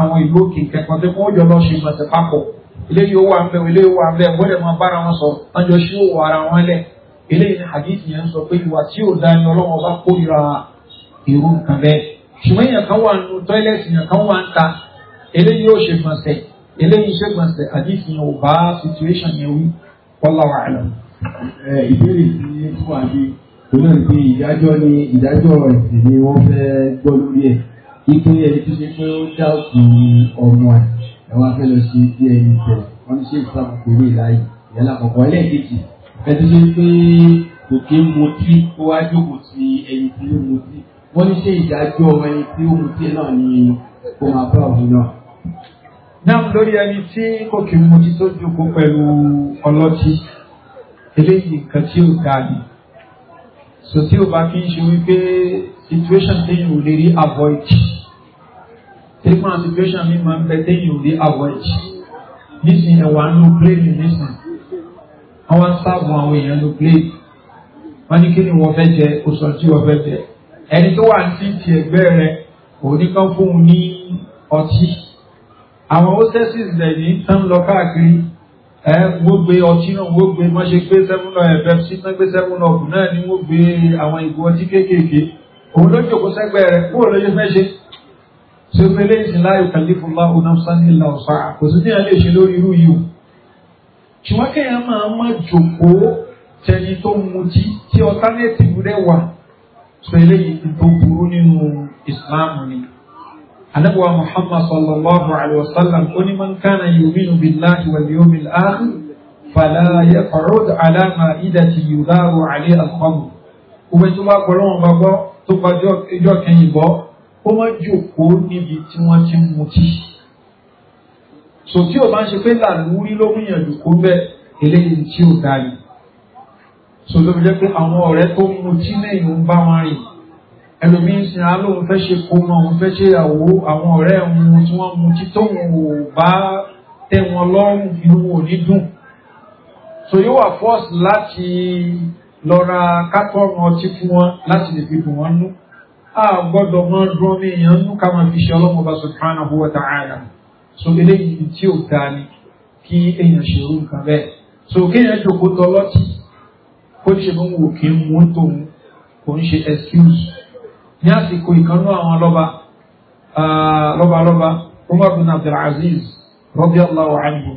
àwọn ìlú òkè kẹkọọ tó kún ó jọ lọ ṣe ìgbọ̀nsẹ̀ papọ̀ eléyìí ó wà ń eléyìí ó wà ń bẹ máa bára wọn sọ ọjọ́ ṣé ó wọ ara wọn lẹ̀ eléyìí ni hadith yẹn sọ pé ìwà tí ò dá ni ọlọ́wọ́ bá kórìíra irú nǹkan bẹ́ẹ̀ ṣùgbọ́n èèyàn kan wà nù tọ́ílẹ̀tì èèyàn kan wà ń ta eléyìí ó ṣe gbọ̀nsẹ̀ eléyìí ṣe gbọ̀nsẹ̀ àdìsí yẹn ò bá situation yẹn wí wallahu a'lam. ìbéèrè tí fún wa bí tó náà pé ìdájọ́ ni ìdájọ́ ẹ̀sìn ni wọ́n fẹ́ gbọ́ lórí ẹ̀ ike ẹni tó ṣe pé ó dá òkú ọmọ ẹ̀ ẹ̀ wá fẹ́ lọ sí bí ẹni tẹ̀ wọ́n ṣe ìsàkóso eré láàyè ìyálà kọ̀ọ̀kan ẹlẹ́ẹ̀kejì ẹni tó ṣe pé kò kí ń mutí ó wá jókòó sí ẹni tí ó mutí wọ́n ní ṣe ìdájọ́ ẹni tí ó mutí náà ní kó máa bá òun náà. náà lórí ẹni tí kò kì í mutí tó jókòó pẹ̀lú ọlọ́tí eléyìí nǹkan tí ó ga ni so tí ó bá kí ń ṣe wípé situation téyìn ò lè rí avoid treatment situation mi máa ń bẹ téyìn ò lè avoid nísìnyí ẹ̀wà ń lo plane nísìnyí wọ́n wá ń sáàbù àwọn èèyàn lo plane wọ́n ní kí ni wọ́n fẹ́ jẹ oṣù tí wọ́n fẹ́ jẹ ẹni tó wà sí ti ẹgbẹ́ rẹ òní kan fóun ní ọtí àwọn hostesses rẹ̀ ní tán lọ káàkiri ẹ wọ́n gbé ọtí náà wọ́n gbé wọ́n ṣe gbé seven up ẹ̀ eh, pepsi tán gbé seven up náà ni wọ́n gbé àwọn ìgò ọtí kéékèèké òun ló jòkó sẹ́gbẹ́ rẹ̀ kúrò lójú mẹ́ṣe ṣe fẹ́ lẹ́yìn sí láyò kàlífù láhùn náà sani ilà ọ̀sán kò sí ní lè ṣe lórí irú yìí o ṣùgbọ́n kéèyàn máa má jòkó tẹni tó mutí tí ọtálẹ́tì rẹ̀ wà so eléyìí tó burú nínú ìsìláàmù ni anabuwa muhammad sallallahu alayhi wa sallam ó ní man kana yuminu billahi wal yawmil akhir fala yaq'ud ala ma'idati yudaru alayha al-khamr gbogbo tó bá gbọ́dọ̀ wọn bá gbọ́ tó bá jọ kẹyìn bọ́ ó má jòkó níbi tí wọ́n ti ń mutí so tí o bá ń ṣe pé làlúrí ló ń yànjú kó bẹ́ẹ̀ eléyìí tí o dá yìí so ló fi jẹ́ pé àwọn ọ̀rẹ́ tó ń mutí lẹ́yìn ń bá wọn rìn ẹlòmíín sin á lóun fẹ́ ṣe kó mọ òun fẹ́ ṣe ìyàwó àwọn ọ̀rẹ́ òun tí wọ́n mutí tóun ò bá tẹ́ wọn lọ́rùn inú ò ní dùn so yóò wà fọ́ọ̀sì láti lọ ra kátọ́ọ̀nù ọtí fún wọn láti lè fi dùn wọn nú a gbọ́dọ̀ máa dún ọmọ èèyàn nú ká máa fi ṣe ọlọ́mọba subhanahu wa ta'ala so eléyìí tí ò dáa ni kí èèyàn ṣerú nǹkan bẹ́ẹ̀ so kéèyàn jòkó tọ́lọ́tì kó ṣe mú wò kí n mú tòun kò ń ṣe excuse ní àsìkò ìkanú àwọn lọ́ba lọ́balọ́ba ah, Umar bin Abdulaziz radiyallahu anhu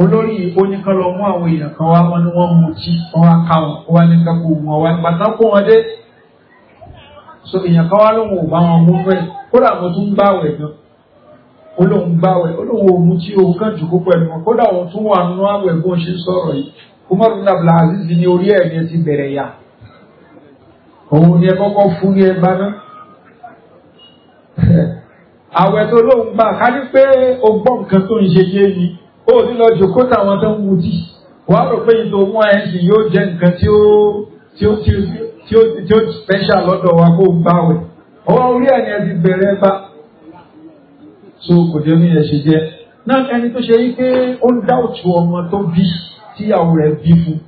olórí oníkan lọ mú àwọn èèyàn kan wá wọn ni wọ́n mú tí wọ́n wá ká wọn wọ́n ní kakú wọn wá pàtàkì kó wọn dé so èèyàn kan wá lóhùn ò bá wọn mú fẹ́ kódà mo tún gbá wẹ̀ gan olóhùn gbá wẹ̀ olóhùn òmù tí òun kàn jù kó pẹ̀lú wọn kódà òun tún wà nínú àwẹ̀ bó ṣe sọ̀rọ̀ yìí Umar bin Abdul Aziz ní orí ẹ̀ yẹn ti bẹ̀rẹ̀ yá òun ni ẹ kọ́kọ́ fún ní ẹgbà náà àwẹ̀ tó pé o gbọ́ nǹkan tó ń ṣe yé ni ó ní lọ jòkó táwọn tó ń mutí wàá rò pé ìtò mú ẹ sì yóò jẹ nǹkan tí ó tí ó tí ó tí ó tí ó special lọ́dọ̀ wa kó gbà wẹ̀ ọwọ́ orí ẹ̀ ni ẹ ti bẹ̀rẹ̀ bá so kò jẹ́ mi ẹ̀ ṣe jẹ́ náà ẹni tó ṣe yí pé ó ń dáòtú ọmọ tó bí tíyàwó rẹ̀ bí fún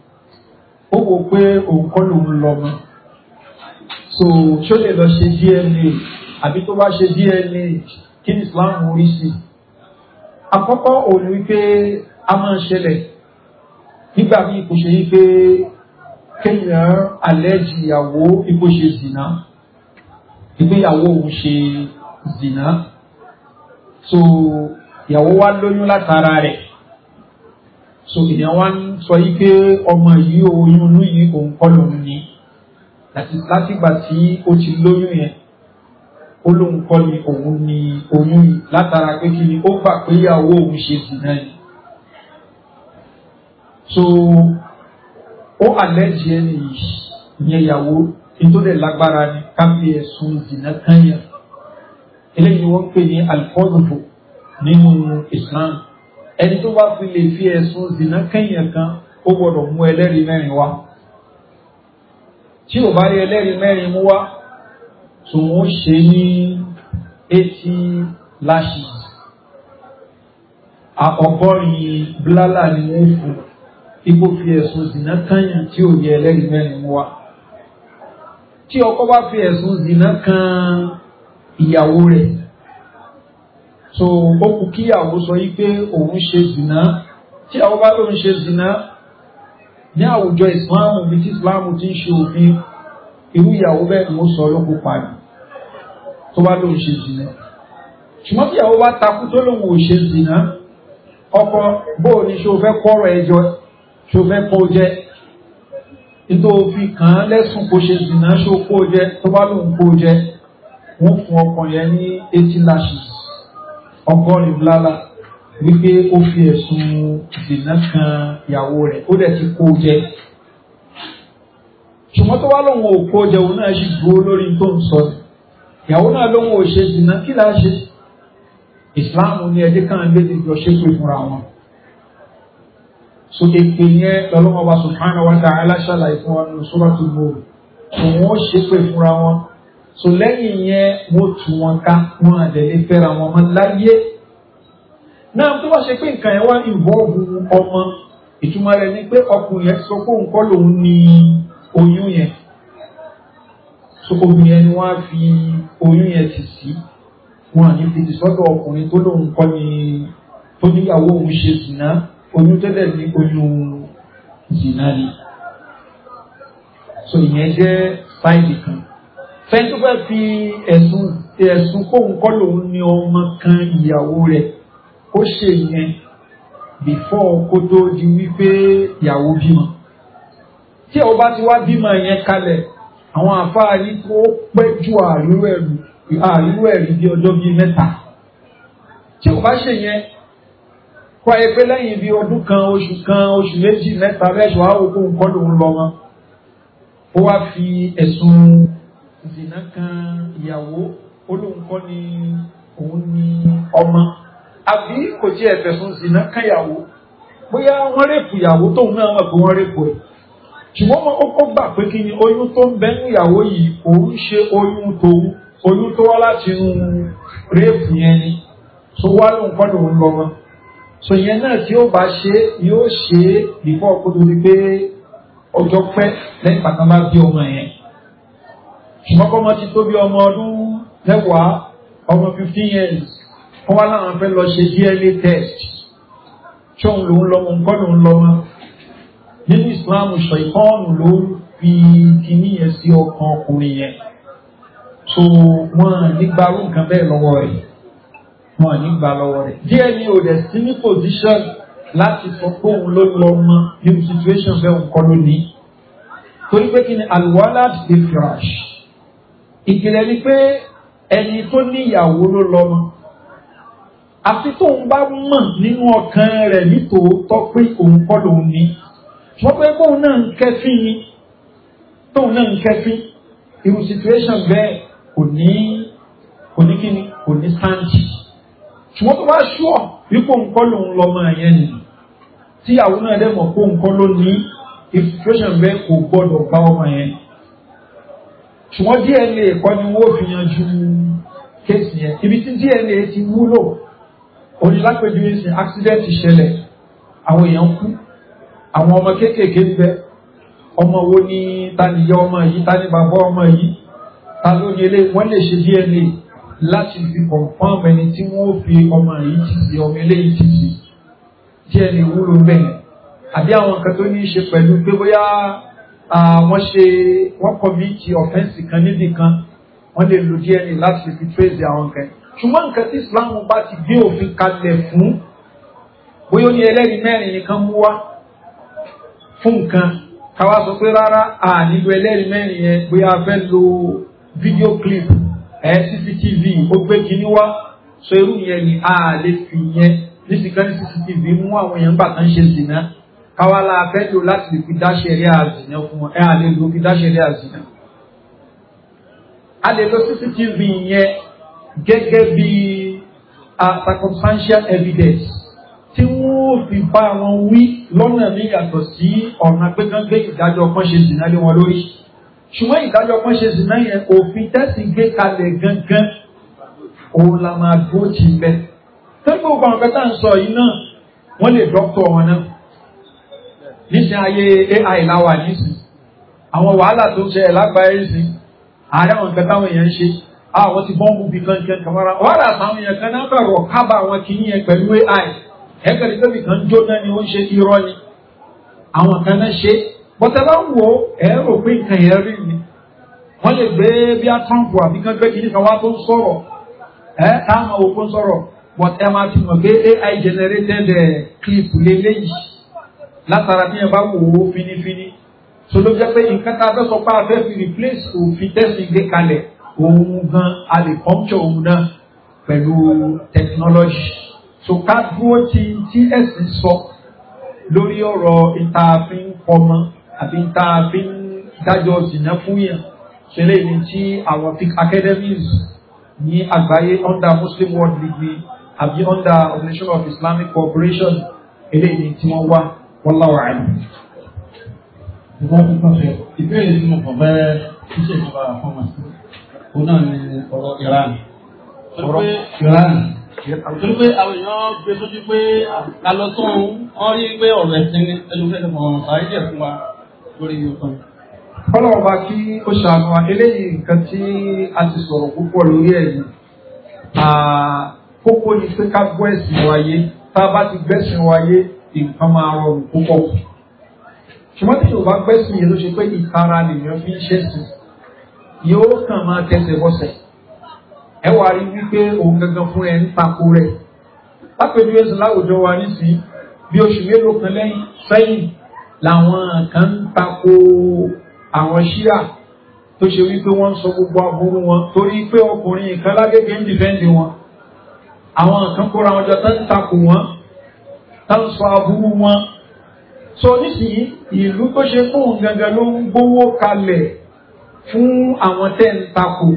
ó wò pé òun kọ́ lòun lọ mọ́ so ṣó lè lọ ṣe DNA àbí tó bá ṣe DNA kí ni Islam orí sí àkọ́kọ́ òun wípé a máa ń ṣẹlẹ̀ nígbà míì kò ṣe wípé kéèyàn àlẹ́jì ìyàwó ipò ṣe zìnà ìgbéyàwó òun ṣe zìnà so ìyàwó wa lóyún látara rẹ̀ so èèyàn wá ń sọ yí pé ọmọ yìí oyún inú yìí òun kọ́ lòun ni látìgbà tí ó ti lóyún yẹn ó lóun kọ́ ni òun ni oyún yìí látara pé kí ni ó gbà pé ìyàwó òun ṣe sì náà ni so ó àlẹ́jì ẹni ìyẹn ìyàwó nítorí lágbára ni ká ẹ̀sùn ìdìnnà kan yẹn eléyìí wọ́n pè ní alifọ́dùfò nínú Islam ẹni tó bá fi lè fi ẹ̀sùn zìnà kẹ́yìn kan ó gbọ́dọ̀ mú ẹlẹ́rìí mẹ́rin wá tí ò bá rí ẹlẹ́rìí mẹ́rin mú wá tó ṣe ní eighty lashes ọgọ́rin bílálà ni wọ́n fún ipò fi ẹ̀sùn zìnà kányàn tí ò yẹ ẹlẹ́rìí mẹ́rin mú wá tí ọkọ bá fi ẹ̀sùn zìnà kan ìyàwó rẹ̀ so ó kù kí ìyàwó sọ yí pé òun ṣe zìnà tí ìyàwó bá lóun ṣe zìnà ní àwùjọ ìsìláàmù bí tí ìsìláàmù ti ń ṣe òfin irú ìyàwó bẹ́ẹ̀ ni ó sọ ló kó parí tó bá lóun ṣe zìnà ṣùgbọ́n tí ìyàwó bá takú tó lóun ò ṣe zìnà ọkọ bóò ni ṣe o fẹ́ kọ́rọ̀ ẹjọ́ ṣe o fẹ́ kó jẹ́ nítorí òfin kàn án lẹ́sùn kó ṣe zìnà ṣe o kó jẹ́ tó bá lóun kó jẹ́ wọ́n fún ọkọ yẹn ní eighty lashes ọgọ́rin lálá wípé ó fi ẹ̀sùn ìdènà kan ìyàwó rẹ̀ ó dẹ̀ ti kó jẹ ṣùgbọ́n tó wá lóun ò kó jẹ òun náà ṣì dúró lórí tó ń sọ ìyàwó náà lóun ò ṣe ìdènà kí là ṣe ìsìláàmù ní ẹdí kan lé ní ìjọ ṣépè fúnra wọn so èpè yẹn lọ́lọ́mọba subhanahu wa ta'ala ṣàlàyé fún wa ní suratul Nur òun ó ṣépè fúnra wọn so lẹ́yìn yẹn mo tù wọn ká wọn àdẹ̀ lè fẹ́ra wọn mọ́ láyé náà tó bá ṣe pé nǹkan yẹn wá ní ìwọ́ọ̀bù ọmọ ìtumọ̀ rẹ̀ ni pé ọkùnrin yẹn sọ pé òun kọ́ lòun ní oyún yẹn so obìnrin yẹn ni wọ́n á fi oyún yẹn sì sí wọn à fi ti sọ́dọ̀ ọkùnrin tó lòun kọ́ ni tó níyàwó òun ṣe sìnà oyún tẹ́lẹ̀ ní oyún sìnà ni so ìyẹn jẹ́ sáìdì kan fẹ́ntú bá fi ẹ̀sùn ẹ̀sùn kóhun kọ́ lòun ní ọmọ kan ìyàwó rẹ̀ kó ṣe yẹn bìfọ́ kó tó di wípé ìyàwó bímọ tí ọba ti wá bímọ yẹn kalẹ̀ àwọn àfáà ní kó pẹ́ ju àríwú ẹ̀rí bí ọjọ́ bíi mẹ́ta tí ọba ṣe yẹn kọ́ ẹ pé lẹ́yìn bíi ọdún kan oṣù kan oṣù méjì mẹ́ta mẹ́sàn-án àwọn okòó kọ́ lòun lọ́mọ ó wá fi ẹ̀sùn zina kan ìyàwó olóńkọ́ ni òun ni ọmọ àbí kò jẹ́ ẹ̀fẹ̀sùn zina kan ìyàwó bóyá wọ́n rèpù ìyàwó tóun náà mọ̀ pé wọ́n rèpù ẹ̀ ṣùgbọ́n ó gbà pé kí ni oyún tó ń bẹ ní ìyàwó yìí òun ṣe oyún tòun oyún tó wá láti inú rèpù yẹn ni tó wá lóun kọ́ lòun lọ́mọ so yẹn náà tí ó bá ṣe yóò ṣe é bífọ́ kó tó di pé ọjọ́ pẹ́ lẹ́yìn pàtàkì bá bí ọmọ yẹn ṣùgbọ́n kọ́mọ ti tó bí ọmọ ọdún mẹ́wàá ọmọ fifteen years wọ́n wá láwọn fẹ́ lọ ṣe DNA test ṣóun lòun lọ́mọ nǹkan lòun lọ́mọ nínú Islam ṣàìkọ́ọ̀nù ló fi kíní yẹn sí ọkàn ọkùnrin yẹn so wọn nígbà nǹkan bẹ́ẹ̀ lọ́wọ́ rẹ̀ wọn nígbà lọ́wọ́ rẹ̀ DNA ò dẹ̀ sí ní position láti sọ pé òun ló lọ mọ nínú situation bẹ́ẹ̀ nǹkan ló ní torí pé kí ni alwalad lè fi ràṣì ìpìlẹ̀ ni pé ẹni tó níyàwó ló lọ́mọ àfi tó ń bá mọ̀ nínú ọkàn rẹ̀ nítòótọ́ pé òun kọ́ lòun ní wọ́n pé kóun náà ń kẹ́fín ni tóun náà ń kẹ́fín irú situation bẹ́ẹ̀ kò ní kò ní kíni kò ní sáǹtì ṣùgbọ́n tó bá ṣúọ̀ wípé òun kọ́ lòun lọ́mọ yẹn nì tíyàwó náà dẹ̀ mọ̀ pé òun kọ́ ló ní situation bẹ́ẹ̀ kò gbọ́dọ̀ bá ọmọ yẹn ṣùgbọ́n DNA kọ́ ni wọ́n fi yanjú kéèsì yẹn ibi tí DNA ti wúlò onílápẹ̀jú ìsìn accident ṣẹlẹ̀ àwọn èèyàn kú àwọn ọmọ kéékèèké bẹ ọmọ wo ni ta ni ìyá ọmọ yìí ta ni bàbá ọmọ yìí ta ló ní eléyìí wọ́n lè ṣe DNA láti fi confirm ẹni tí wọ́n fi ọmọ yìí ti sí ọmọ eléyìí ti sí DNA wúlò bẹ́ẹ̀ àbí àwọn kan tó ní í ṣe pẹ̀lú pé bóyá. Ah, wọ́n ṣe wọ́n kọ́míìtì ọ̀fẹ́ǹsì kan níbì kan wọ́n lè lo DNA láti fi trace àwọn nǹkan ṣùgbọ́n nǹkan tí Islam bá ti gbé òfin kalẹ̀ fún bóyá ó ní ẹlẹ́rìí mẹ́rin nìkan mú wá fún nǹkan káwá sọ pé rárá a nílò ẹlẹ́rìí mẹ́rin yẹn bóyá a fẹ́ lo fídíò clip ẹ̀ CCTV ó gbé kíní wá so irú yẹn ni a lè fi yẹn nísìkan ní CCTV mú àwọn èèyàn gbà kan ṣe sí náà káwá la fẹ́ lò láti lè fi dáṣẹ̀rẹ́ àzìnà fún ẹ a lè lò fi dáṣẹ̀rẹ́ àzìnà. a lè lo cctv yẹn gẹ́gẹ́ bí circumstantial evidence tí wọ́n fi bá wọn wí lọ́nà mi yàtọ̀ sí ọ̀nà gbẹ́gbẹ́ ìdájọ́ kan ṣe zìnà lé wọn lórí. ṣùgbọ́n ìdájọ́ kan ṣe zìnà yẹn òfin tẹ́sí gbé kalẹ̀ gangan òun la máa dúró tì bẹ́ẹ̀. tẹ́gbẹ́ ògbà ọ̀gá tá à ń sọ yìí náà wọ́n lè dọ́kítọ̀ wọn náà níṣẹ́ ayé AI láwà nísìn àwọn wàhálà tó ń ṣẹlẹ̀ lágbàáyé nísìn ààrẹ àwọn nǹkan táwọn èèyàn ń ṣe àwọn ah, ti bọ́ǹbù bí kankan kàmára wàhálà àtàwọn èèyàn kan náà bẹ̀rọ̀ kábà àwọn kìíní yẹn pẹ̀lú AI ẹgbẹ̀rẹ̀ tóbi kan jóná ni ó ń ṣe irọ́ ni àwọn kan náà ṣe bọ́tẹ́ bá ń wo ẹ̀rọ pé nǹkan yẹn rí ni wọ́n lè gbé bí atọ́ǹpù àbí kan gbé kìíní kan wá tó ń sọ̀rọ̀ ẹ̀ táwọn òkú ń sọ̀rọ̀ bọ́tẹ́ máa ti mọ̀ pé AI generated eh, clip lélẹ́yìí látara bí yẹn bá wò ó finifini so ló jẹ́ pé nǹkan tá a fẹ́ sọ pé a fẹ́ fi replace òfin tẹ́sí gbé kalẹ̀ òun gan a lè puncture òun náà pẹ̀lú technology so ká dúró ti tí ẹ̀sìn sọ lórí ọ̀rọ̀ ìta fi ń pọmọ àbí dájọ́ ìdìnnà fún yàn ṣẹlẹ̀ ní tí àwọn fic academies ní àgbáyé under Muslim World League àbí under Organization of Islamic Cooperation eléyìí tí wọ́n wá wallahu a'lam. ìbéèrè nínú ọ̀bẹ iṣẹ́ ìjọba àfọ́mọ́ sí òun náà ni ọ̀rọ̀ Iran ọ̀rọ̀ Iran torí pé àwọn èèyàn gbé sójú pé àlọ́ sóhun wọ́n rí pé ọ̀rọ̀ ẹ̀sìn ni ẹni fẹ́ fẹ́ fọ̀rọ̀ sáré jẹ̀ fún wa lórí ọkàn. Ọlọ́run bá kí ó ṣàánú wa eléyìí nǹkan tí a ti sọ̀rọ̀ púpọ̀ lórí ẹ̀ yìí kókó ni pé ká gbọ́ ẹ̀sìn wáyé tá a bá ti gbẹ́sìn wáyé nǹkan máa rọrùn púpọ̀ ṣùgbọ́n tí yóò bá pẹ́ sí yẹn ló ṣe pé ìtara lèèyàn fi ń ṣe sí yóò kàn máa tẹsẹ̀ bọ́sẹ̀ ẹ wà rí wípé òun gangan fún ẹ ń tako rẹ̀ lápẹjú ẹsẹ̀ láwùjọ wa nísìnyí bí oṣù mélòó kan lẹ́yìn sẹ́yìn làwọn kan ń tako àwọn ṣíà tó ṣe wípé wọ́n ń sọ gbogbo aburú wọn torí pé ọkùnrin kan lágbègbè ń dìfẹ́ǹdì wọn àwọn kan kóra wọn jọ tán ń tako wọn táwọn sọ aburú wọn so nísìnyí ìlú tó ṣe fóun gangan ló ń gbówó kalẹ̀ fún àwọn tẹ́ ń takò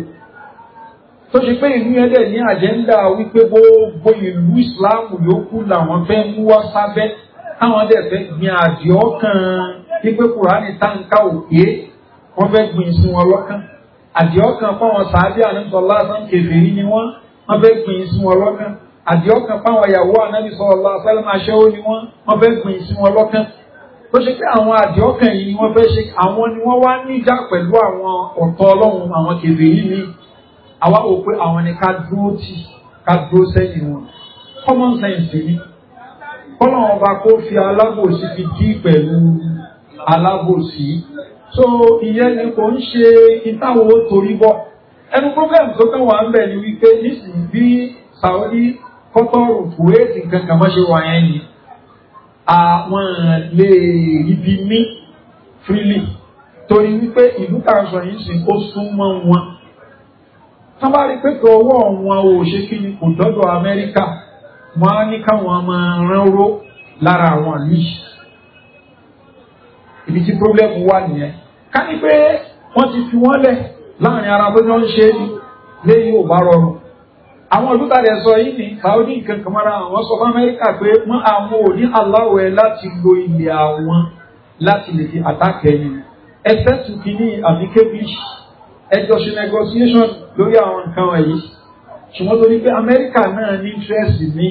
tó ṣe pé ìlú yẹn dẹ̀ ní àjẹ́ńdà wípé gbogbo ìlú ìsìláàmù yòókù làwọn fẹ́ mú wá sábẹ́ táwọn dẹ̀ fẹ́ gbin àdìọ́ kan wípé kùránì táǹkà òkè wọ́n fẹ́ gbin sí wọn lọ́kàn àdìọ́ kan fáwọn sàábíà nípa lásán kẹfìrí ni wọ́n wọ́n fẹ́ gbin sí wọn lọ́kàn àdìọ́kàn páwọn ìyàwó ànábì sallallahu alaihi wasallam aṣẹ́wó ni wọ́n wọ́n fẹ́ gbìn sí wọn lọ́kàn tó ṣe pé àwọn àdìọ́kàn yìí ni wọ́n fẹ́ ṣe àwọn ni wọ́n wá níjà pẹ̀lú àwọn ọ̀tọ̀ ọlọ́run àwọn kèfè yìí ni àwa ò pé àwọn ni ká dúró tì ká dúró sẹ́yìn wọn common sense ni kọ́lọ́wọ́n bá kó fi alábòsí fi dí pẹ̀lú alábòsí so ìyẹn ni kò ń ṣe ìtawọ̀ torí bọ̀ ẹnu problem tó kàn wà ń bẹ̀ ni wípé nísìnyí bí Saudi kọ́tọ́rù kúwéètì kankan mọ́ ṣe wà yẹn ni àwọn lè ibi mí fírílì torí wípé ìlú tààsọ yìí sì ó súnmọ́ wọn tán bá rí pé ọwọ́ wọn ò ṣe kí ni kò dọ́dọ̀ amẹ́ríkà wọn á ní káwọn máa rán ró lára àwọn yìí ibi tí pírọ́blẹ́mù wà nìyẹn ká ní pé wọ́n ti fi wọ́n lẹ̀ láàrin ara bó ni wọ́n ń ṣe é ní ò bá rọrùn àwọn olùkà rẹ̀ sọ yìí ní saudi nǹkan kan mara àwọn sọ fún amẹ́ríkà pé mọ́ àwọn ò ní aláwẹ̀ láti lo ilẹ̀ àwọn láti lè fi àtàkẹ́ yìí ẹsẹ̀ tún ní àbí cambridge ẹjọ́ ṣe negotiation lórí àwọn nǹkan wọ̀nyí ṣùgbọ́n torí pé amẹ́ríkà náà ní interest ní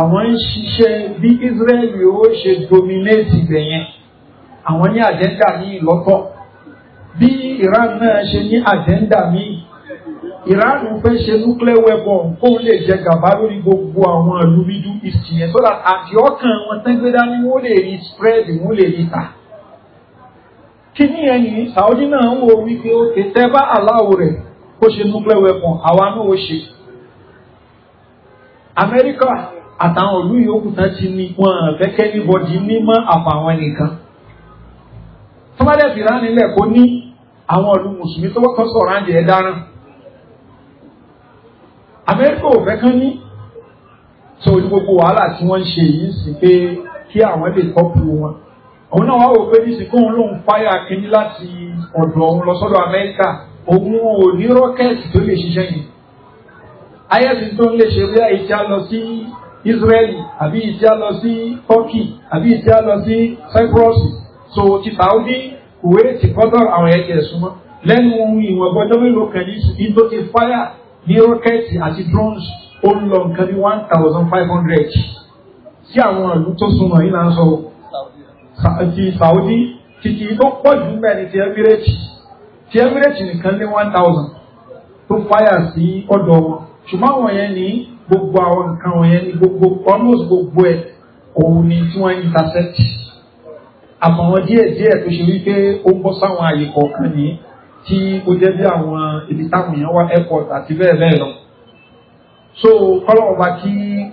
àwọn ń ṣiṣẹ́ bí israel ó ṣe dominate ibẹ̀ yẹn àwọn ní agenda ní ìlọ́tọ̀ bí iran náà ṣe ní agenda míì Iran fẹ́ ṣe nuclear weapon kó lè jẹ gàba lórí gbogbo àwọn ìlú middle east yẹn so that àti ọkàn wọn tẹ́gbẹ́dá ni wọ́n lè rí spread wọ́n lè rí ta kí ní ẹ̀yìn Saudi náà ń wo wípé ó ti tẹ́ bá aláwo rẹ̀ kó ṣe nuclear weapon àwa náà ó ṣe Amẹ́ríkà àtàwọn ìlú yòókù tán ti ní wọn fẹ́kẹ́ níbọ̀dì nímọ̀ àfàwọn nìkan tọ́mọdé fìlà nílẹ̀ kó ní àwọn ìlú mùsùlùmí tó wọ́pọ̀ sọ̀rọ̀ àǹjẹ̀ amẹ́ríkà ò fẹ́ kán ní so ní gbogbo wàhálà tí wọ́n ń ṣe yìí sí pé kí àwọn lè kọ́pù wọn òun náà wá wò pé nísìnyí kóun lòun fáyà kínní láti ọ̀dọ̀ òun lọ sọ́dọ̀ amẹ́ríkà òun ò ní rọ́kẹ́ẹ̀tì tó lè ṣiṣẹ́ yẹn ayẹ́sìn tó ń lè ṣe bí ìjà lọ sí Israeli àbí ìjà lọ sí Turkey àbí ìjà lọ sí Cyprus so ti Saudi Kuwait Qatar àwọn ẹ̀jẹ̀ súnmọ́ lẹ́nu ìwọ̀n gbọ́dọ̀ mélòó kan ní tó fáyà ní rọ́kẹ́tì àti drones ó ń lọ nǹkan bí one thousand five hundred sí àwọn ìlú tó súnmọ́ yìí náà sọ ti Saudi títí tó pọ̀ jù mẹ́rin ti Emirates ti Emirates nìkan ní one thousand tó fáyà sí ọ̀dọ̀ wọn ṣùgbọ́n àwọn yẹn ní gbogbo àwọn nǹkan wọn yẹn ní gbogbo almost gbogbo ẹ̀ òun ni tí wọ́n intercept àmọ́ díẹ̀ díẹ̀ tó ṣe wípé ó bọ́ sáwọn àyè kọ̀ọ̀kan nìyí tí ó jẹ́ bí àwọn ibi táwọn èèyàn wá airport àti bẹ́ẹ̀ bẹ́ẹ̀ lọ. so kọ́lọ̀ ọba kí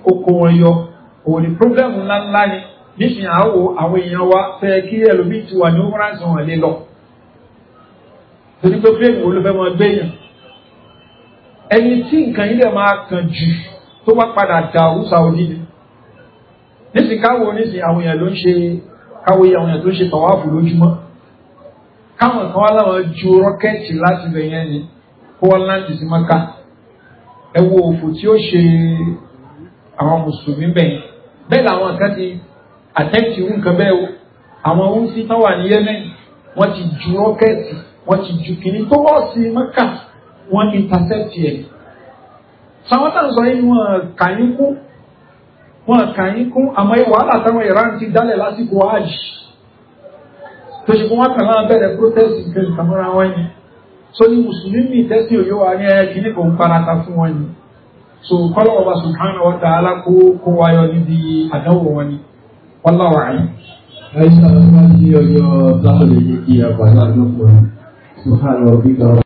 oko wọn yọ òun ni problem ńláńlá ni nísìnyí àwò àwọn èèyàn wa fẹ́ kí ẹlòmíì ti wà ní france wọn lé lọ. torí pé plane wo ló gbé yàn ẹni tí nǹkan yìí máa kàn jù tó bá padà dà òwúsà òní ni nísìnyí káwo nísìnyí àwọn èèyàn ló ń ṣe káwo èèyàn tó ń ṣe tọ̀wáàfù lójúmọ́ káwọn kan wá láwọn ju rọ́kẹ́tì láti bẹ̀ yẹn ni kó wọ́n láǹdì sí maka ẹ wo òfò tí ó ṣe àwọn mùsùlùmí bẹ́ẹ̀ bẹ́ẹ̀ làwọn kan ti àtẹ́kì irú nǹkan bẹ́ẹ̀ o àwọn ohun tí tán wà ní Yemen wọ́n ti ju rọ́kẹ́tì wọ́n ti ju kìíní tó wọ́ sí maka wọ́n intercept ẹ̀ sàwọn táwọn sọ yìí wọ́n kà wọ́n kà yín kún àmọ́ wàhálà táwọn ti dálẹ̀ lásìkò hajj tó ṣe fún wọn kàn máa bẹ̀rẹ̀ protest nǹkan ìkàmúra wọn ni so ní mùsùlùmí tẹ́sí òye wa ní ẹ kìíní kò ń parata fún wọn ni so kọ́lọ́ ọba subhanahu wa ta'ala kó kó wáyọ níbi àdánwò wọn ni wallahu a'lam. àyíṣà ló máa ń yí ọyọ sáwọn èyí kí a bàlá lọ́pọ̀ subhanahu wa ta'ala.